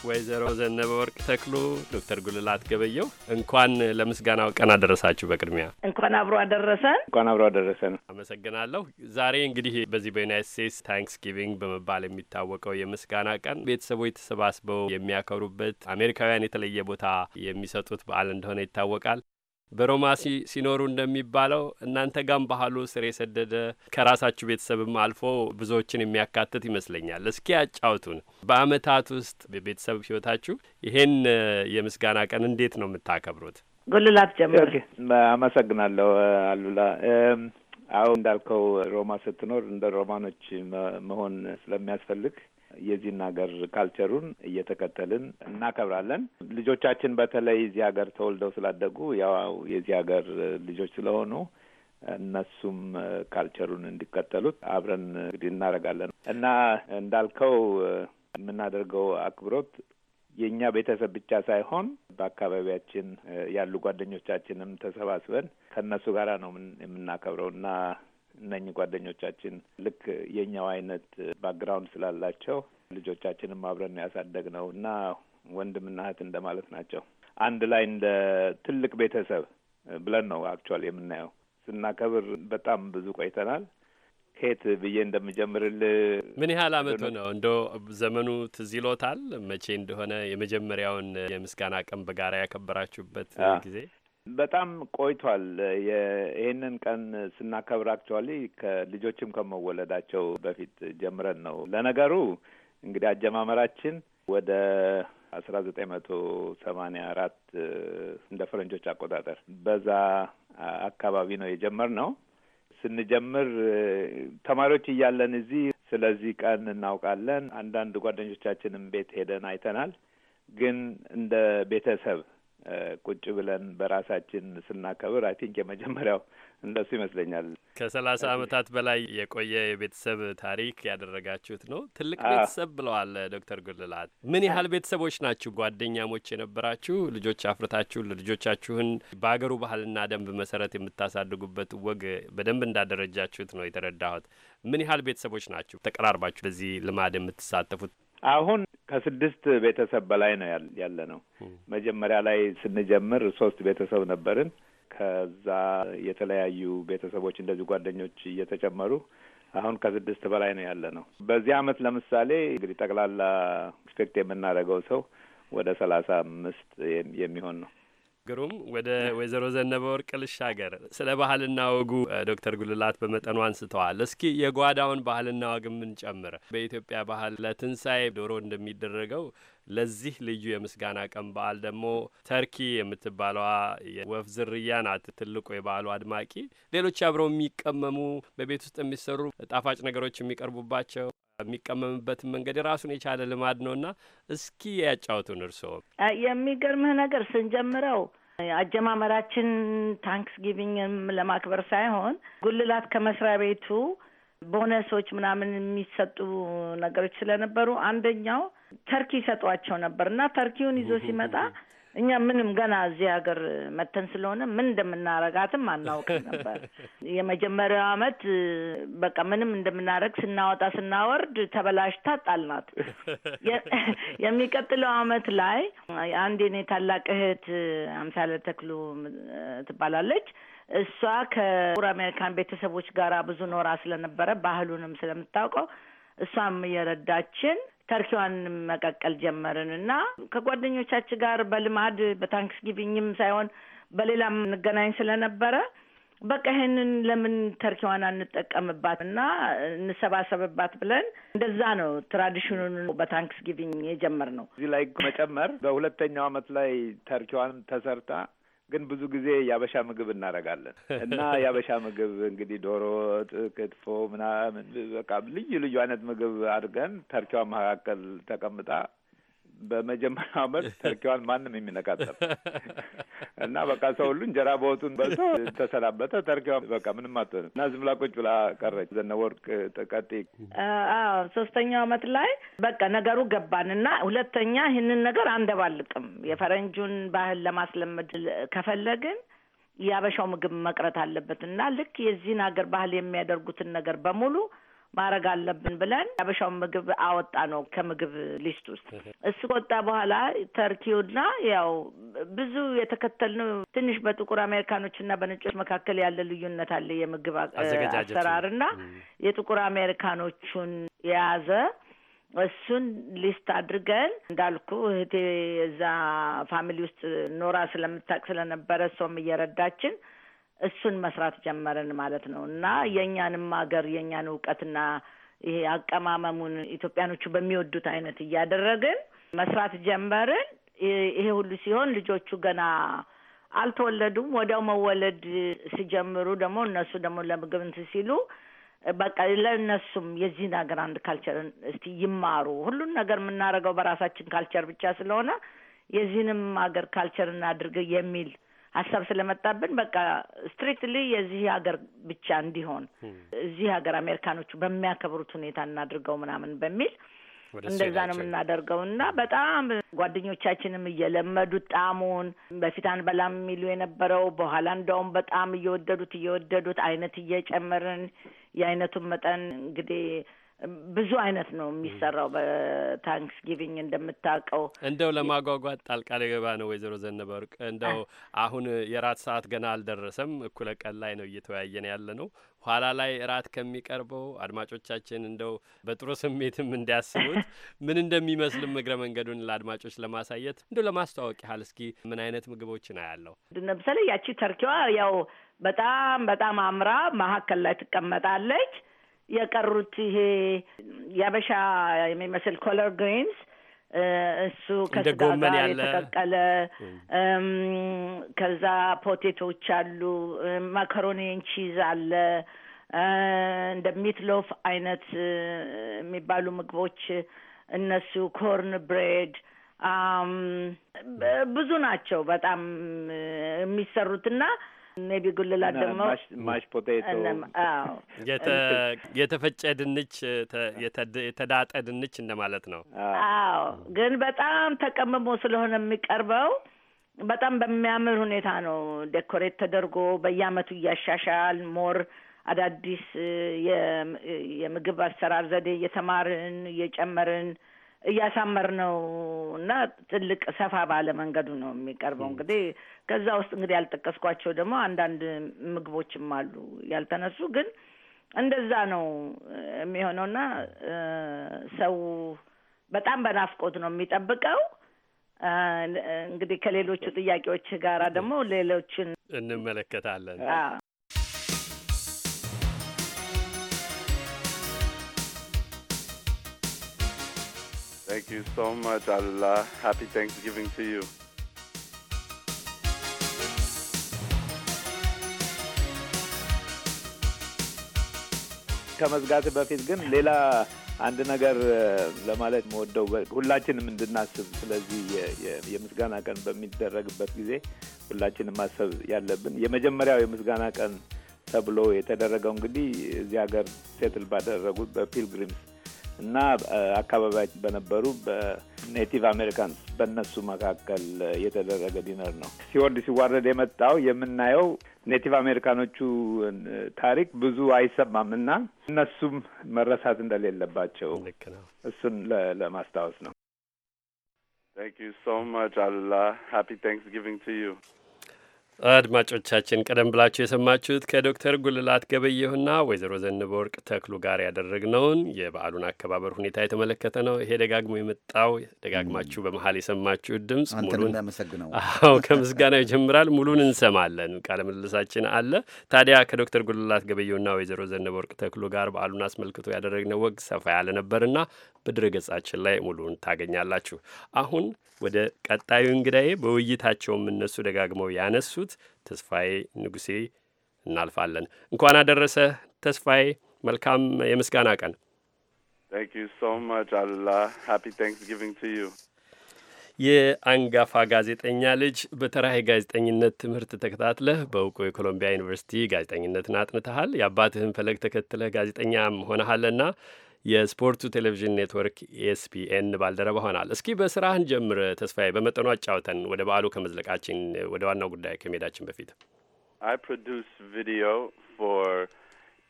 Speaker 1: ወይዘሮ ዘነበ ወርቅ ተክሉ፣ ዶክተር ጉልላት ገበየው እንኳን ለምስጋናው ቀን አደረሳችሁ። በቅድሚያ
Speaker 10: እንኳን አብሮ አደረሰን። እንኳን
Speaker 13: አብሮ አደረሰን። አመሰግናለሁ።
Speaker 1: ዛሬ እንግዲህ በዚህ በዩናይት ስቴትስ ታንክስ ጊቪንግ በመባል የሚታወቀው የምስጋና ቀን ቤተሰቦች ተሰባስበው የሚያከብሩበት፣ አሜሪካውያን የተለየ ቦታ የሚሰጡት በዓል እንደሆነ ይታወቃል። በሮማ ሲኖሩ እንደሚባለው እናንተ ጋም ባህሉ ስር የሰደደ ከራሳችሁ ቤተሰብም አልፎ ብዙዎችን የሚያካትት ይመስለኛል። እስኪ ያጫውቱን። በአመታት ውስጥ በቤተሰብ ህይወታችሁ ይሄን የምስጋና ቀን እንዴት ነው የምታከብሩት?
Speaker 13: ጉልላት ጀምር። አመሰግናለሁ አሉላ። አሁ እንዳልከው ሮማ ስትኖር እንደ ሮማኖች መሆን ስለሚያስፈልግ የዚህን ሀገር ካልቸሩን እየተከተልን እናከብራለን። ልጆቻችን በተለይ እዚህ ሀገር ተወልደው ስላደጉ ያው የዚህ ሀገር ልጆች ስለሆኑ እነሱም ካልቸሩን እንዲከተሉት አብረን እንግዲህ እናደርጋለን እና እንዳልከው የምናደርገው አክብሮት የእኛ ቤተሰብ ብቻ ሳይሆን በአካባቢያችን ያሉ ጓደኞቻችንም ተሰባስበን ከእነሱ ጋራ ነው የምናከብረው እና እነኚህ ጓደኞቻችን ልክ የኛው አይነት ባክግራውንድ ስላላቸው ልጆቻችንም አብረን ያሳደግ ነው እና ወንድምና እህት እንደማለት ናቸው። አንድ ላይ እንደ ትልቅ ቤተሰብ ብለን ነው አክቹዋል የምናየው። ስናከብር በጣም ብዙ ቆይተናል። ከየት ብዬ እንደምጀምርል ምን ያህል አመቱ ነው? እንደ
Speaker 1: ዘመኑ ትዝ ይሎታል መቼ እንደሆነ የመጀመሪያውን የምስጋና ቀን በጋራ ያከበራችሁበት ጊዜ?
Speaker 13: በጣም ቆይቷል። ይህንን ቀን ስናከብር አክቹዋሊ ከልጆችም ከመወለዳቸው በፊት ጀምረን ነው። ለነገሩ እንግዲህ አጀማመራችን ወደ አስራ ዘጠኝ መቶ ሰማኒያ አራት እንደ ፈረንጆች አቆጣጠር በዛ አካባቢ ነው የጀመር ነው። ስንጀምር ተማሪዎች እያለን እዚህ ስለዚህ ቀን እናውቃለን። አንዳንድ ጓደኞቻችንም ቤት ሄደን አይተናል። ግን እንደ ቤተሰብ ቁጭ ብለን በራሳችን ስናከብር አይ ቲንክ የመጀመሪያው እንደሱ ይመስለኛል።
Speaker 1: ከሰላሳ አመታት በላይ የቆየ የቤተሰብ ታሪክ ያደረጋችሁት ነው። ትልቅ ቤተሰብ ብለዋል ዶክተር ጉልላት። ምን ያህል ቤተሰቦች ናችሁ? ጓደኛሞች የነበራችሁ ልጆች አፍርታችሁ ልጆቻችሁን በአገሩ ባህልና ደንብ መሰረት የምታሳድጉበት ወግ በደንብ እንዳደረጃችሁት ነው የተረዳሁት። ምን ያህል ቤተሰቦች ናችሁ ተቀራርባችሁ በዚህ ልማድ የምትሳተፉት?
Speaker 13: አሁን ከስድስት ቤተሰብ በላይ ነው ያለ ነው። መጀመሪያ ላይ ስንጀምር ሶስት ቤተሰብ ነበርን። ከዛ የተለያዩ ቤተሰቦች እንደዚህ ጓደኞች እየተጨመሩ አሁን ከስድስት በላይ ነው ያለ ነው። በዚህ አመት ለምሳሌ እንግዲህ ጠቅላላ ኤክስፔክት የምናደርገው ሰው ወደ ሰላሳ አምስት የሚሆን ነው።
Speaker 1: ግሩም ወደ ወይዘሮ ዘነበ ወርቅ ልሻገር። ስለ ባህልና ወጉ ዶክተር ጉልላት በመጠኑ አንስተዋል። እስኪ የጓዳውን ባህልና ወግ የምንጨምር በኢትዮጵያ ባህል ለትንሣኤ ዶሮ እንደሚደረገው ለዚህ ልዩ የምስጋና ቀን በዓል ደግሞ ተርኪ የምትባለዋ የወፍ ዝርያ ናት ትልቁ የበዓሉ አድማቂ። ሌሎች አብረው የሚቀመሙ በቤት ውስጥ የሚሰሩ ጣፋጭ ነገሮች የሚቀርቡባቸው የሚቀመምበትን መንገድ የራሱን የቻለ ልማድ ነውና እስኪ ያጫውቱን። እርስዎ
Speaker 10: የሚገርምህ ነገር ስንጀምረው አጀማመራችን ታንክስ ጊቪንግም ለማክበር ሳይሆን ጉልላት ከመስሪያ ቤቱ ቦነሶች ምናምን የሚሰጡ ነገሮች ስለነበሩ አንደኛው ተርኪ ይሰጧቸው ነበር እና ተርኪውን ይዞ ሲመጣ እኛ ምንም ገና እዚህ ሀገር መተን ስለሆነ ምን እንደምናረጋትም አናውቅም ነበር። የመጀመሪያው አመት በቃ ምንም እንደምናረግ ስናወጣ ስናወርድ ተበላሽታ ጣልናት። የሚቀጥለው አመት ላይ አንድ የኔ ታላቅ እህት አምሳለ ተክሉ ትባላለች። እሷ ከቁር አሜሪካን ቤተሰቦች ጋር ብዙ ኖራ ስለነበረ ባህሉንም ስለምታውቀው እሷም የረዳችን ተርኪዋን መቀቀል ጀመርን እና ከጓደኞቻችን ጋር በልማድ በታንክስጊቪኝም ሳይሆን በሌላም እንገናኝ ስለነበረ በቃ ይህንን ለምን ተርኪዋን አንጠቀምባት እና እንሰባሰብባት ብለን እንደዛ ነው ትራዲሽኑን በታንክስ ጊቪንግ ነው።
Speaker 13: እዚህ ላይ መጨመር በሁለተኛው ዓመት ላይ ተርኪዋን ተሰርታ ግን ብዙ ጊዜ ያበሻ ምግብ እናደርጋለን እና ያበሻ ምግብ እንግዲህ ዶሮ ወጥ፣ ክትፎ ምናምን በቃ ልዩ ልዩ አይነት ምግብ አድርገን ተርኪዋ መካከል ተቀምጣ በመጀመሪያ ዓመት ተርኪዋን ማንም የሚነቃጠል እና በቃ ሰው ሁሉ እንጀራ በወጡን በልቶ ተሰናበተ። ተርኪዋ በቃ ምንም አትሆንም እና ዝም ብላ ቁጭ ብላ ቀረች። ዘነወርቅ ጥቀጤ
Speaker 10: ሶስተኛው ዓመት ላይ በቃ ነገሩ ገባን እና ሁለተኛ ይህንን ነገር አንደባልቅም የፈረንጁን ባህል ለማስለመድ ከፈለግን የአበሻው ምግብ መቅረት አለበት እና ልክ የዚህን ሀገር ባህል የሚያደርጉትን ነገር በሙሉ ማድረግ አለብን ብለን ያበሻውን ምግብ አወጣ ነው ከምግብ ሊስት ውስጥ። እሱ ከወጣ በኋላ ተርኪውና ያው ብዙ የተከተልነው ትንሽ በጥቁር አሜሪካኖችና በነጮች መካከል ያለ ልዩነት አለ የምግብ አሰራርና የጥቁር አሜሪካኖቹን የያዘ እሱን ሊስት አድርገን እንዳልኩ እህቴ እዛ ፋሚሊ ውስጥ ኖራ ስለምታውቅ ስለነበረ እሷም እየረዳችን እሱን መስራት ጀመርን ማለት ነው እና የእኛንም ሀገር የእኛን እውቀትና ይሄ አቀማመሙን ኢትዮጵያኖቹ በሚወዱት አይነት እያደረግን መስራት ጀመርን። ይሄ ሁሉ ሲሆን ልጆቹ ገና አልተወለዱም። ወዲያው መወለድ ሲጀምሩ ደግሞ እነሱ ደግሞ ለምግብ እንትን ሲሉ በቃ ለእነሱም የዚህን ሀገር አንድ ካልቸር እስቲ ይማሩ። ሁሉን ነገር የምናደርገው በራሳችን ካልቸር ብቻ ስለሆነ የዚህንም ሀገር ካልቸር እናድርግ የሚል ሀሳብ ስለመጣብን በቃ ስትሪክትሊ የዚህ ሀገር ብቻ እንዲሆን እዚህ ሀገር አሜሪካኖቹ በሚያከብሩት ሁኔታ እናድርገው ምናምን በሚል እንደዛ ነው የምናደርገው እና በጣም ጓደኞቻችንም እየለመዱት ጣዕሙን በፊት አንበላም የሚሉ የነበረው በኋላ እንደውም በጣም እየወደዱት እየወደዱት አይነት እየጨመርን የአይነቱን መጠን እንግዲህ ብዙ አይነት ነው የሚሰራው። በታንክስ ጊቪንግ እንደምታውቀው
Speaker 1: እንደው ለማጓጓት ጣልቃ ገባ ነው ወይዘሮ ዘነበ ወርቅ። እንደው አሁን የራት ሰዓት ገና አልደረሰም፣ እኩለ ቀን ላይ ነው እየተወያየን ያለ ነው። ኋላ ላይ እራት ከሚቀርበው አድማጮቻችን እንደው በጥሩ ስሜትም እንዲያስቡት ምን እንደሚመስልም እግረ መንገዱን ለአድማጮች ለማሳየት እንደው ለማስተዋወቅ ያህል እስኪ ምን አይነት ምግቦች ነው ያለው?
Speaker 10: ለምሳሌ ያቺ ተርኪዋ ያው በጣም በጣም አምራ መሀከል ላይ ትቀመጣለች። የቀሩት ይሄ የአበሻ የሚመስል ኮለር ግሪንስ እሱ ከስጋ ጋር የተቀቀለ ከዛ ፖቴቶች አሉ፣ ማካሮኒ ቺዝ አለ፣ እንደ ሚትሎፍ አይነት የሚባሉ ምግቦች እነሱ ኮርን ብሬድ ብዙ ናቸው በጣም የሚሰሩትና ሜቢ ጉልላት ደግሞ ማሽ
Speaker 1: ፖቴቶ የተፈጨ ድንች፣ የተዳጠ ድንች እንደማለት ነው። አዎ፣
Speaker 10: ግን በጣም ተቀምሞ ስለሆነ የሚቀርበው በጣም በሚያምር ሁኔታ ነው ዴኮሬት ተደርጎ በየአመቱ እያሻሻል ሞር አዳዲስ የምግብ አሰራር ዘዴ እየተማርን እየጨመርን እያሳመር ነው እና ትልቅ ሰፋ ባለ መንገዱ ነው የሚቀርበው። እንግዲህ ከዛ ውስጥ እንግዲህ ያልጠቀስኳቸው ደግሞ አንዳንድ ምግቦችም አሉ ያልተነሱ፣ ግን እንደዛ ነው የሚሆነውና ሰው በጣም በናፍቆት ነው የሚጠብቀው። እንግዲህ ከሌሎቹ ጥያቄዎች ጋራ ደግሞ ሌሎችን
Speaker 1: እንመለከታለን።
Speaker 9: Thank you so much, Allah. Happy Thanksgiving to you.
Speaker 13: ከመዝጋት በፊት ግን ሌላ አንድ ነገር ለማለት መወደው ሁላችንም እንድናስብ ስለዚህ የምስጋና ቀን በሚደረግበት ጊዜ ሁላችንም ማሰብ ያለብን የመጀመሪያው የምስጋና ቀን ተብሎ የተደረገው እንግዲህ እዚህ ሀገር ሴትል ባደረጉት በፒልግሪምስ እና አካባቢ በነበሩ በኔቲቭ አሜሪካንስ በእነሱ መካከል የተደረገ ዲነር ነው። ሲወርድ ሲዋረድ የመጣው የምናየው ኔቲቭ አሜሪካኖቹ ታሪክ ብዙ አይሰማም እና እነሱም መረሳት እንደሌለባቸው እሱን
Speaker 9: ለማስታወስ ነው። Thank you so much, Allah. Happy Thanksgiving to you.
Speaker 1: አድማጮቻችን ቀደም ብላችሁ የሰማችሁት ከዶክተር ጉልላት ገበየሁና ወይዘሮ ዘንበወርቅ ወርቅ ተክሉ ጋር ያደረግነውን የበዓሉን አከባበር ሁኔታ የተመለከተ ነው። ይሄ ደጋግሞ የመጣው ደጋግማችሁ በመሀል የሰማችሁት ድምፅ አዎ ከምስጋና ይጀምራል። ሙሉን እንሰማለን። ቃለ ምልልሳችን አለ። ታዲያ ከዶክተር ጉልላት ገበየሁና ወይዘሮ ዘነበ ወርቅ ተክሉ ጋር በዓሉን አስመልክቶ ያደረግነው ወግ ሰፋ ያለ ነበርና በድረገጻችን ላይ ሙሉን ታገኛላችሁ። አሁን ወደ ቀጣዩ እንግዳዬ በውይይታቸውም እነሱ ደጋግመው ያነሱት ተስፋዬ ንጉሴ እናልፋለን። እንኳን አደረሰ ተስፋዬ፣ መልካም የምስጋና ቀን። የአንጋፋ ጋዜጠኛ ልጅ በተራህ የጋዜጠኝነት ትምህርት ተከታትለህ በእውቁ የኮሎምቢያ ዩኒቨርሲቲ ጋዜጠኝነትን አጥንተሃል። የአባትህን ፈለግ ተከትለህ ጋዜጠኛም ሆነሃልና የስፖርቱ ቴሌቪዥን ኔትወርክ ኤስፒኤን ባልደረባ ሆናል። እስኪ በስራህን ጀምር ተስፋዬ፣ በመጠኑ አጫውተን ወደ በዓሉ ከመዝለቃችን ወደ ዋናው ጉዳይ ከመሄዳችን በፊት
Speaker 9: I produce video for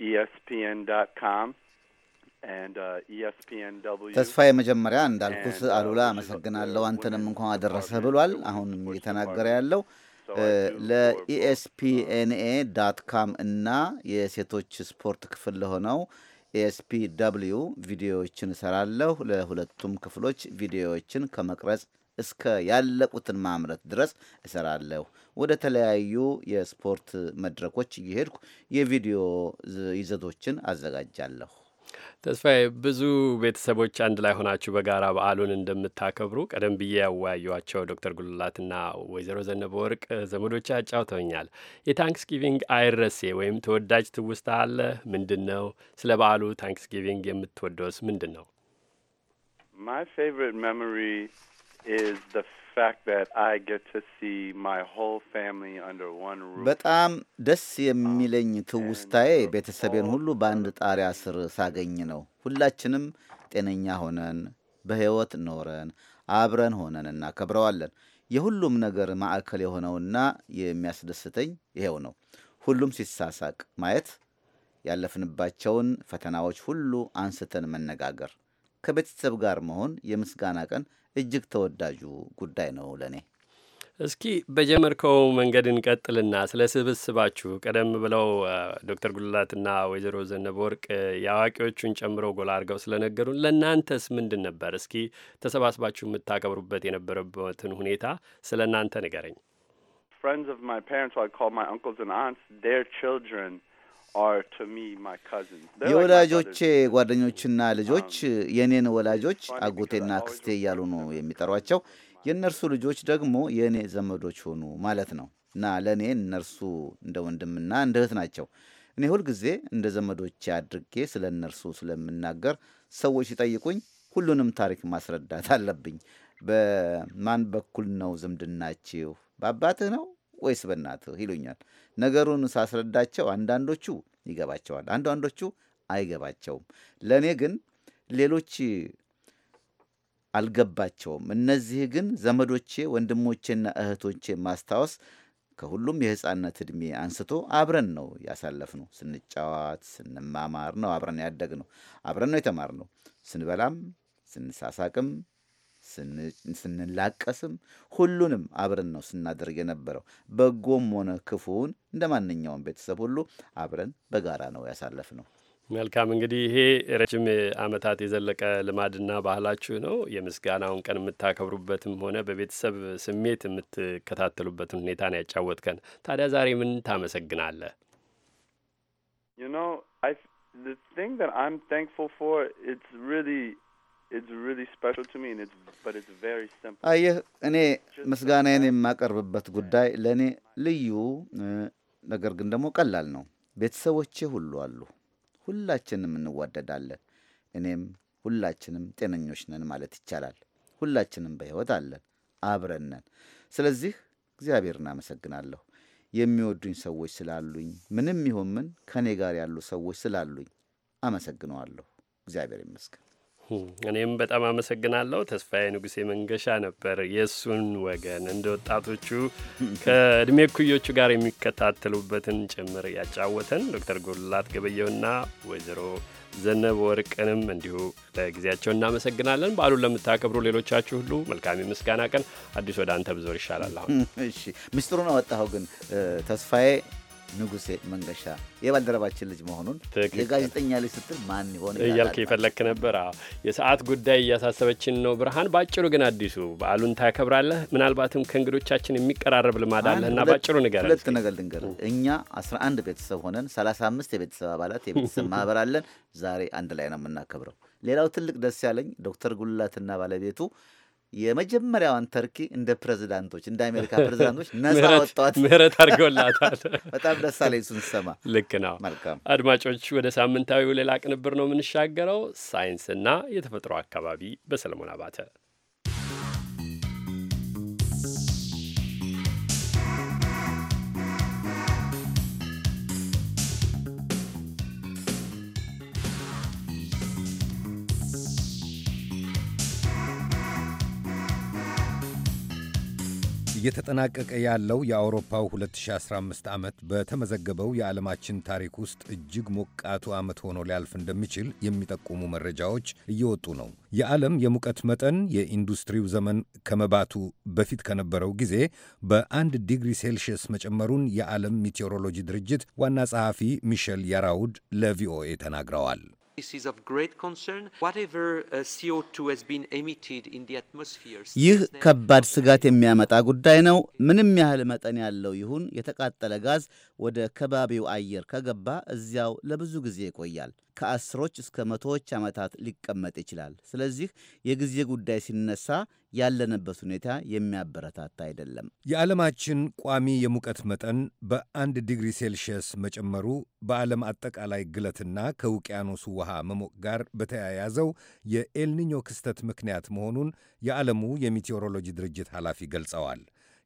Speaker 9: e uh, e ተስፋ የመጀመሪያ
Speaker 3: እንዳልኩት uh, አሉላ አመሰግናለሁ። አንተንም እንኳን አደረሰ ብሏል። አሁንም እየተናገረ ያለው ለኢኤስፒኤንኤ ዳት ካም እና የሴቶች ስፖርት ክፍል ለሆነው ኤስፒደብልዩ ቪዲዮዎችን እሰራለሁ። ለሁለቱም ክፍሎች ቪዲዮዎችን ከመቅረጽ እስከ ያለቁትን ማምረት ድረስ እሰራለሁ። ወደ ተለያዩ የስፖርት መድረኮች እየሄድኩ የቪዲዮ ይዘቶችን አዘጋጃለሁ።
Speaker 1: ተስፋዬ ብዙ ቤተሰቦች አንድ ላይ ሆናችሁ በጋራ በዓሉን እንደምታከብሩ ቀደም ብዬ ያወያዩቸው ዶክተር ጉልላትና ወይዘሮ ዘነበ ወርቅ ዘመዶች አጫውተውኛል። የታንክስጊቪንግ አይረሴ ወይም ተወዳጅ ትውስታ አለ ምንድን ነው? ስለ በዓሉ ታንክስጊቪንግ የምትወደውስ ምንድን ነው?
Speaker 9: በጣም
Speaker 3: ደስ የሚለኝ ah, ትውስታዬ ቤተሰቤን ሁሉ በአንድ ጣሪያ ስር ሳገኝ ነው። ሁላችንም ጤነኛ ሆነን በሕይወት ኖረን አብረን ሆነን እናከብረዋለን። የሁሉም ነገር ማዕከል የሆነውና የሚያስደስተኝ ይሄው ነው። ሁሉም ሲሳሳቅ ማየት፣ ያለፍንባቸውን ፈተናዎች ሁሉ አንስተን መነጋገር ከቤተሰብ ጋር መሆን የምስጋና ቀን እጅግ ተወዳጁ ጉዳይ ነው ለእኔ።
Speaker 1: እስኪ በጀመርከው መንገድ እንቀጥልና ስለ ስብስባችሁ ቀደም ብለው ዶክተር ጉልላትና ወይዘሮ ዘነበ ወርቅ የአዋቂዎቹን ጨምረው ጎላ አድርገው ስለነገሩን ለእናንተስ ምንድን ነበር? እስኪ ተሰባስባችሁ የምታከብሩበት የነበረበትን ሁኔታ ስለ እናንተ ንገረኝ።
Speaker 9: Friends of my parents, who I my uncles and aunts, their children የወላጆቼ
Speaker 3: ጓደኞችና um, ልጆች የእኔን ወላጆች አጎቴና ክስቴ እያሉ ነው የሚጠሯቸው። የእነርሱ ልጆች ደግሞ የእኔ ዘመዶች ሆኑ ማለት ነው እና ለእኔ እነርሱ እንደ ወንድምና እንደ እህት ናቸው። እኔ ሁልጊዜ እንደ ዘመዶቼ አድርጌ ስለ እነርሱ ስለምናገር ሰዎች ሲጠይቁኝ ሁሉንም ታሪክ ማስረዳት አለብኝ። በማን በኩል ነው ዝምድናችሁ? በአባትህ ነው ወይስ በእናትህ ይሉኛል። ነገሩን ሳስረዳቸው አንዳንዶቹ ይገባቸዋል፣ አንዳንዶቹ አይገባቸውም። ለእኔ ግን ሌሎች አልገባቸውም። እነዚህ ግን ዘመዶቼ፣ ወንድሞቼና እህቶቼ ማስታወስ ከሁሉም የሕፃንነት ዕድሜ አንስቶ አብረን ነው ያሳለፍነው። ስንጫዋት፣ ስንማማር ነው አብረን ያደግነው፣ አብረን ነው የተማርነው። ስንበላም ስንሳሳቅም ስንላቀስም ሁሉንም አብረን ነው ስናደርግ የነበረው። በጎም ሆነ ክፉውን እንደ ማንኛውም ቤተሰብ ሁሉ አብረን በጋራ ነው ያሳለፍ ነው።
Speaker 1: መልካም እንግዲህ ይሄ ረጅም ዓመታት የዘለቀ ልማድና ባህላችሁ ነው። የምስጋናውን ቀን የምታከብሩበትም ሆነ በቤተሰብ ስሜት የምትከታተሉበትን ሁኔታ ነው ያጫወትከን። ታዲያ ዛሬ ምን ታመሰግናለህ?
Speaker 9: you know I the thing that I'm thankful for it's really አየህ
Speaker 3: እኔ ምስጋናዬን የማቀርብበት ጉዳይ ለእኔ ልዩ ነገር ግን ደግሞ ቀላል ነው። ቤተሰቦቼ ሁሉ አሉ። ሁላችንም እንዋደዳለን። እኔም ሁላችንም ጤነኞች ነን ማለት ይቻላል። ሁላችንም በሕይወት አለን፣ አብረን ስለዚህ እግዚአብሔር እናመሰግናለሁ። የሚወዱኝ ሰዎች ስላሉኝ፣ ምንም ይሁን ምን ከእኔ ጋር ያሉ ሰዎች ስላሉኝ አመሰግነዋለሁ። እግዚአብሔር ይመስገን።
Speaker 1: እኔም በጣም አመሰግናለሁ። ተስፋዬ ንጉሴ መንገሻ ነበር የእሱን ወገን እንደ ወጣቶቹ ከእድሜ ኩዮቹ ጋር የሚከታተሉበትን ጭምር ያጫወተን ዶክተር ጎላት ገበየውና ወይዘሮ ዘነብ ወርቅንም እንዲሁ ለጊዜያቸው እናመሰግናለን። በዓሉን ለምታከብሩ ሌሎቻችሁ ሁሉ መልካም ምስጋና ቀን። አዲስ ወደ አንተ ብዞር ይሻላል። አሁን
Speaker 3: እሺ፣ ምስጢሩን አወጣኸው ግን ተስፋዬ ንጉሴ መንገሻ የባልደረባችን ልጅ መሆኑን የጋዜጠኛ ልጅ ስትል ማን ሆነ እያልክ
Speaker 1: የፈለክ ነበር። የሰዓት ጉዳይ እያሳሰበችን ነው ብርሃን። ባጭሩ ግን አዲሱ በዓሉን ታከብራለህ። ምናልባትም ከእንግዶቻችን የሚቀራረብ ልማድ እና ባጭሩ ንገረን። ሁለት
Speaker 3: ነገር ልንገር። እኛ 11 ቤተሰብ ሆነን 35 የቤተሰብ አባላት የቤተሰብ ማህበር አለን። ዛሬ አንድ ላይ ነው የምናከብረው። ሌላው ትልቅ ደስ ያለኝ ዶክተር ጉልላትና ባለቤቱ የመጀመሪያዋን ተርኪ እንደ ፕሬዚዳንቶች እንደ አሜሪካ ፕሬዚዳንቶች ነጻ ወጣት ምህረት አድርገውላታል። በጣም ደስ አለኝ እሱን ስሰማ። ልክ ነው። መልካም
Speaker 1: አድማጮች፣ ወደ ሳምንታዊው ሌላ ቅንብር ነው የምንሻገረው። ሳይንስና የተፈጥሮ አካባቢ በሰለሞን አባተ
Speaker 6: እየተጠናቀቀ ያለው የአውሮፓው 2015 ዓመት በተመዘገበው የዓለማችን ታሪክ ውስጥ እጅግ ሞቃቱ ዓመት ሆኖ ሊያልፍ እንደሚችል የሚጠቁሙ መረጃዎች እየወጡ ነው። የዓለም የሙቀት መጠን የኢንዱስትሪው ዘመን ከመባቱ በፊት ከነበረው ጊዜ በአንድ ዲግሪ ሴልሺየስ መጨመሩን የዓለም ሚቴዎሮሎጂ ድርጅት ዋና ጸሐፊ ሚሸል ያራውድ
Speaker 3: ለቪኦኤ ተናግረዋል። Uh, ይህ ከባድ ስጋት የሚያመጣ ጉዳይ ነው። ምንም ያህል መጠን ያለው ይሁን የተቃጠለ ጋዝ ወደ ከባቢው አየር ከገባ እዚያው ለብዙ ጊዜ ይቆያል። ከአስሮች እስከ መቶዎች ዓመታት ሊቀመጥ ይችላል። ስለዚህ የጊዜ ጉዳይ ሲነሳ ያለንበት ሁኔታ የሚያበረታታ አይደለም።
Speaker 6: የዓለማችን ቋሚ የሙቀት መጠን በአንድ ዲግሪ ሴልሺየስ መጨመሩ በዓለም አጠቃላይ ግለትና ከውቅያኖሱ ውሃ መሞቅ ጋር በተያያዘው የኤልኒኞ ክስተት ምክንያት መሆኑን የዓለሙ የሚቴዎሮሎጂ ድርጅት ኃላፊ ገልጸዋል።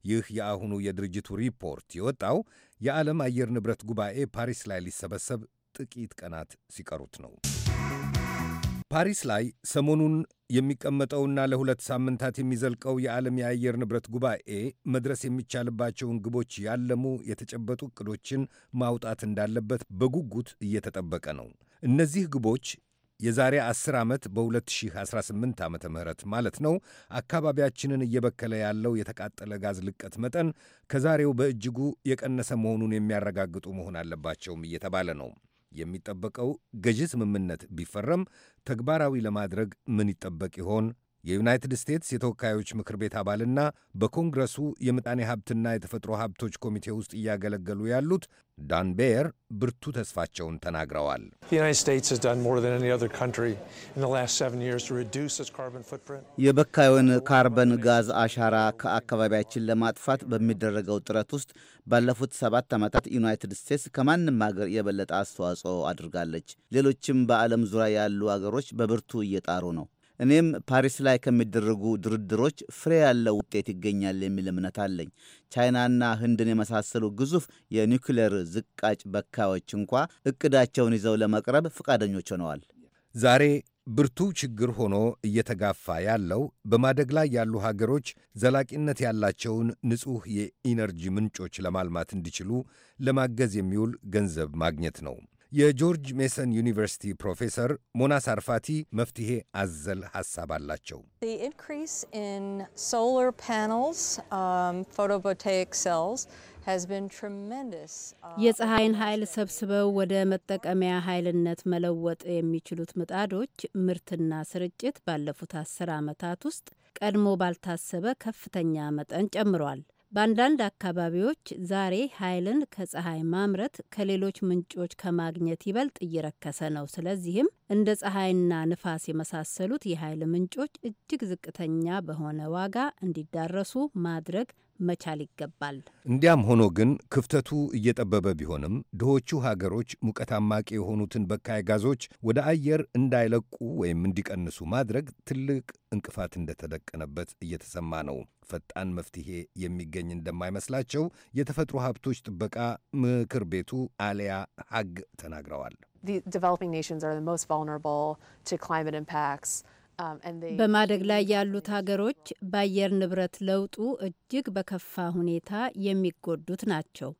Speaker 6: ይህ የአሁኑ የድርጅቱ ሪፖርት የወጣው የዓለም አየር ንብረት ጉባኤ ፓሪስ ላይ ሊሰበሰብ ጥቂት ቀናት ሲቀሩት ነው። ፓሪስ ላይ ሰሞኑን የሚቀመጠውና ለሁለት ሳምንታት የሚዘልቀው የዓለም የአየር ንብረት ጉባኤ መድረስ የሚቻልባቸውን ግቦች ያለሙ የተጨበጡ እቅዶችን ማውጣት እንዳለበት በጉጉት እየተጠበቀ ነው። እነዚህ ግቦች የዛሬ 10 ዓመት በ2018 ዓ ም ማለት ነው አካባቢያችንን እየበከለ ያለው የተቃጠለ ጋዝ ልቀት መጠን ከዛሬው በእጅጉ የቀነሰ መሆኑን የሚያረጋግጡ መሆን አለባቸውም እየተባለ ነው። የሚጠበቀው ገዢ ስምምነት ቢፈረም ተግባራዊ ለማድረግ ምን ይጠበቅ ይሆን? የዩናይትድ ስቴትስ የተወካዮች ምክር ቤት አባልና በኮንግረሱ የምጣኔ ሀብትና የተፈጥሮ ሀብቶች ኮሚቴ ውስጥ እያገለገሉ ያሉት ዳን ቤየር ብርቱ ተስፋቸውን ተናግረዋል።
Speaker 3: የበካዩን ካርበን ጋዝ አሻራ ከአካባቢያችን ለማጥፋት በሚደረገው ጥረት ውስጥ ባለፉት ሰባት ዓመታት ዩናይትድ ስቴትስ ከማንም ሀገር የበለጠ አስተዋጽኦ አድርጋለች። ሌሎችም በዓለም ዙሪያ ያሉ አገሮች በብርቱ እየጣሩ ነው። እኔም ፓሪስ ላይ ከሚደረጉ ድርድሮች ፍሬ ያለው ውጤት ይገኛል የሚል እምነት አለኝ። ቻይናና ህንድን የመሳሰሉ ግዙፍ የኒውክሌር ዝቃጭ በካዮች እንኳ እቅዳቸውን ይዘው ለመቅረብ ፈቃደኞች ሆነዋል። ዛሬ ብርቱ ችግር ሆኖ እየተጋፋ
Speaker 6: ያለው በማደግ ላይ ያሉ ሀገሮች ዘላቂነት ያላቸውን ንጹሕ የኢነርጂ ምንጮች ለማልማት እንዲችሉ ለማገዝ የሚውል ገንዘብ ማግኘት ነው። የጆርጅ ሜሰን ዩኒቨርሲቲ ፕሮፌሰር ሞናስ አርፋቲ መፍትሄ አዘል ሀሳብ አላቸው።
Speaker 4: um, uh,
Speaker 5: የፀሐይን ኃይል ሰብስበው ወደ መጠቀሚያ ኃይልነት መለወጥ የሚችሉት ምጣዶች ምርትና ስርጭት ባለፉት አስር ዓመታት ውስጥ ቀድሞ ባልታሰበ ከፍተኛ መጠን ጨምሯል። በአንዳንድ አካባቢዎች ዛሬ ኃይልን ከፀሐይ ማምረት ከሌሎች ምንጮች ከማግኘት ይበልጥ እየረከሰ ነው። ስለዚህም እንደ ፀሐይና ንፋስ የመሳሰሉት የኃይል ምንጮች እጅግ ዝቅተኛ በሆነ ዋጋ እንዲዳረሱ ማድረግ መቻል ይገባል።
Speaker 6: እንዲያም ሆኖ ግን ክፍተቱ እየጠበበ ቢሆንም ድሆቹ ሀገሮች ሙቀት አማቂ የሆኑትን በካይ ጋዞች ወደ አየር እንዳይለቁ ወይም እንዲቀንሱ ማድረግ ትልቅ እንቅፋት እንደተደቀነበት እየተሰማ ነው። ፈጣን መፍትሄ የሚገኝ እንደማይመስላቸው የተፈጥሮ ሀብቶች ጥበቃ ምክር ቤቱ አሊያ ሀግ ተናግረዋል።
Speaker 12: Um, በማደግ
Speaker 5: ላይ ያሉት ሀገሮች በአየር ንብረት ለውጡ እጅግ በከፋ ሁኔታ የሚጎዱት ናቸው።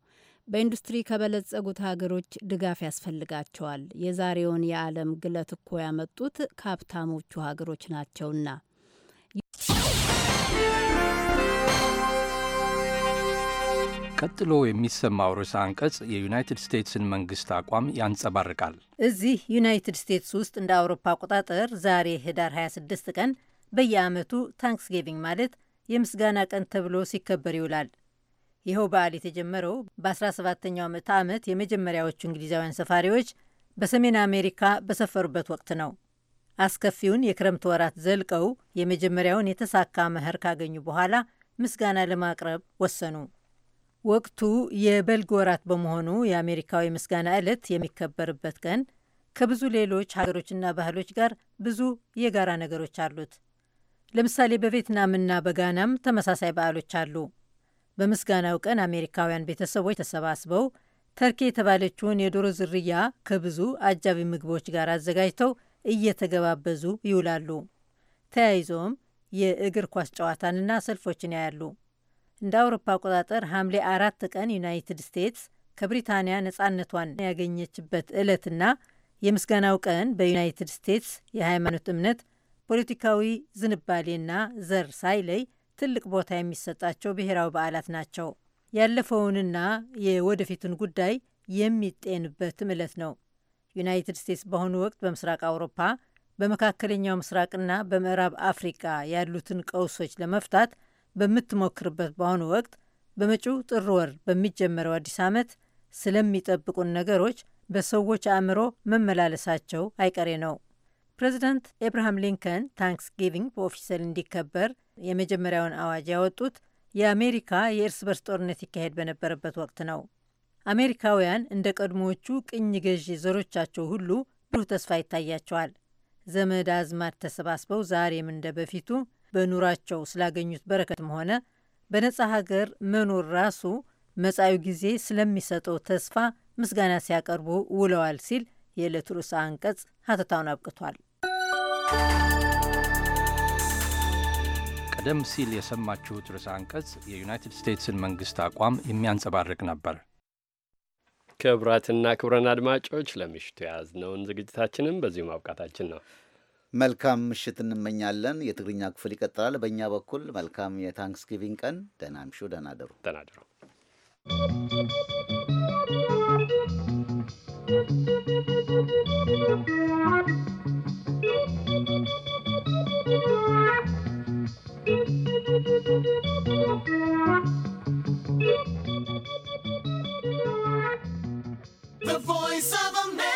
Speaker 5: በኢንዱስትሪ ከበለጸጉት ሀገሮች ድጋፍ ያስፈልጋቸዋል። የዛሬውን የዓለም ግለት እኮ ያመጡት ከሀብታሞቹ ሀገሮች ናቸውና።
Speaker 1: ቀጥሎ የሚሰማው ርዕሰ አንቀጽ የዩናይትድ ስቴትስን መንግስት አቋም ያንጸባርቃል።
Speaker 4: እዚህ ዩናይትድ ስቴትስ ውስጥ እንደ አውሮፓ አቆጣጠር ዛሬ ህዳር 26 ቀን በየዓመቱ ታንክስጊቪንግ ማለት የምስጋና ቀን ተብሎ ሲከበር ይውላል። ይኸው በዓል የተጀመረው በ17ኛው ምዕተ ዓመት የመጀመሪያዎቹ እንግሊዛውያን ሰፋሪዎች በሰሜን አሜሪካ በሰፈሩበት ወቅት ነው። አስከፊውን የክረምት ወራት ዘልቀው የመጀመሪያውን የተሳካ መኸር ካገኙ በኋላ ምስጋና ለማቅረብ ወሰኑ። ወቅቱ የበልግ ወራት በመሆኑ የአሜሪካዊ ምስጋና ዕለት የሚከበርበት ቀን ከብዙ ሌሎች ሀገሮችና ባህሎች ጋር ብዙ የጋራ ነገሮች አሉት። ለምሳሌ በቬትናምና በጋናም ተመሳሳይ በዓሎች አሉ። በምስጋናው ቀን አሜሪካውያን ቤተሰቦች ተሰባስበው ተርኬ የተባለችውን የዶሮ ዝርያ ከብዙ አጃቢ ምግቦች ጋር አዘጋጅተው እየተገባበዙ ይውላሉ። ተያይዞም የእግር ኳስ ጨዋታንና ሰልፎችን ያያሉ። እንደ አውሮፓ አቆጣጠር ሐምሌ አራት ቀን ዩናይትድ ስቴትስ ከብሪታንያ ነጻነቷን ያገኘችበት ዕለትና የምስጋናው ቀን በዩናይትድ ስቴትስ የሃይማኖት እምነት፣ ፖለቲካዊ ዝንባሌና ዘር ሳይለይ ትልቅ ቦታ የሚሰጣቸው ብሔራዊ በዓላት ናቸው። ያለፈውንና የወደፊቱን ጉዳይ የሚጤንበትም ዕለት ነው። ዩናይትድ ስቴትስ በአሁኑ ወቅት በምስራቅ አውሮፓ በመካከለኛው ምስራቅና በምዕራብ አፍሪቃ ያሉትን ቀውሶች ለመፍታት በምትሞክርበት በአሁኑ ወቅት በመጪው ጥር ወር በሚጀመረው አዲስ ዓመት ስለሚጠብቁን ነገሮች በሰዎች አእምሮ መመላለሳቸው አይቀሬ ነው። ፕሬዚዳንት ኤብርሃም ሊንከን ታንክስ ጊቪንግ በኦፊሴል እንዲከበር የመጀመሪያውን አዋጅ ያወጡት የአሜሪካ የእርስ በርስ ጦርነት ይካሄድ በነበረበት ወቅት ነው። አሜሪካውያን እንደ ቀድሞዎቹ ቅኝ ገዢ ዘሮቻቸው ሁሉ ብሩህ ተስፋ ይታያቸዋል። ዘመድ አዝማድ ተሰባስበው ዛሬም እንደ በፊቱ በኑራቸው ስላገኙት በረከትም ሆነ በነጻ ሀገር መኖር ራሱ መጻዩ ጊዜ ስለሚሰጠው ተስፋ ምስጋና ሲያቀርቡ ውለዋል ሲል የዕለቱ ርዕሰ አንቀጽ ሀተታውን አብቅቷል።
Speaker 1: ቀደም ሲል የሰማችሁት ርዕሰ አንቀጽ የዩናይትድ ስቴትስን መንግስት አቋም
Speaker 3: የሚያንጸባርቅ
Speaker 1: ነበር። ክቡራትና ክቡራን አድማጮች ለምሽቱ የያዝነውን
Speaker 3: ዝግጅታችንም በዚሁ ማብቃታችን ነው። መልካም ምሽት እንመኛለን። የትግርኛ ክፍል ይቀጥላል። በእኛ በኩል መልካም የታንክስጊቪንግ ቀን። ደህና ምሹ፣ ደህና ደሩ፣ ደህና ደሩ።
Speaker 9: The voice of a man.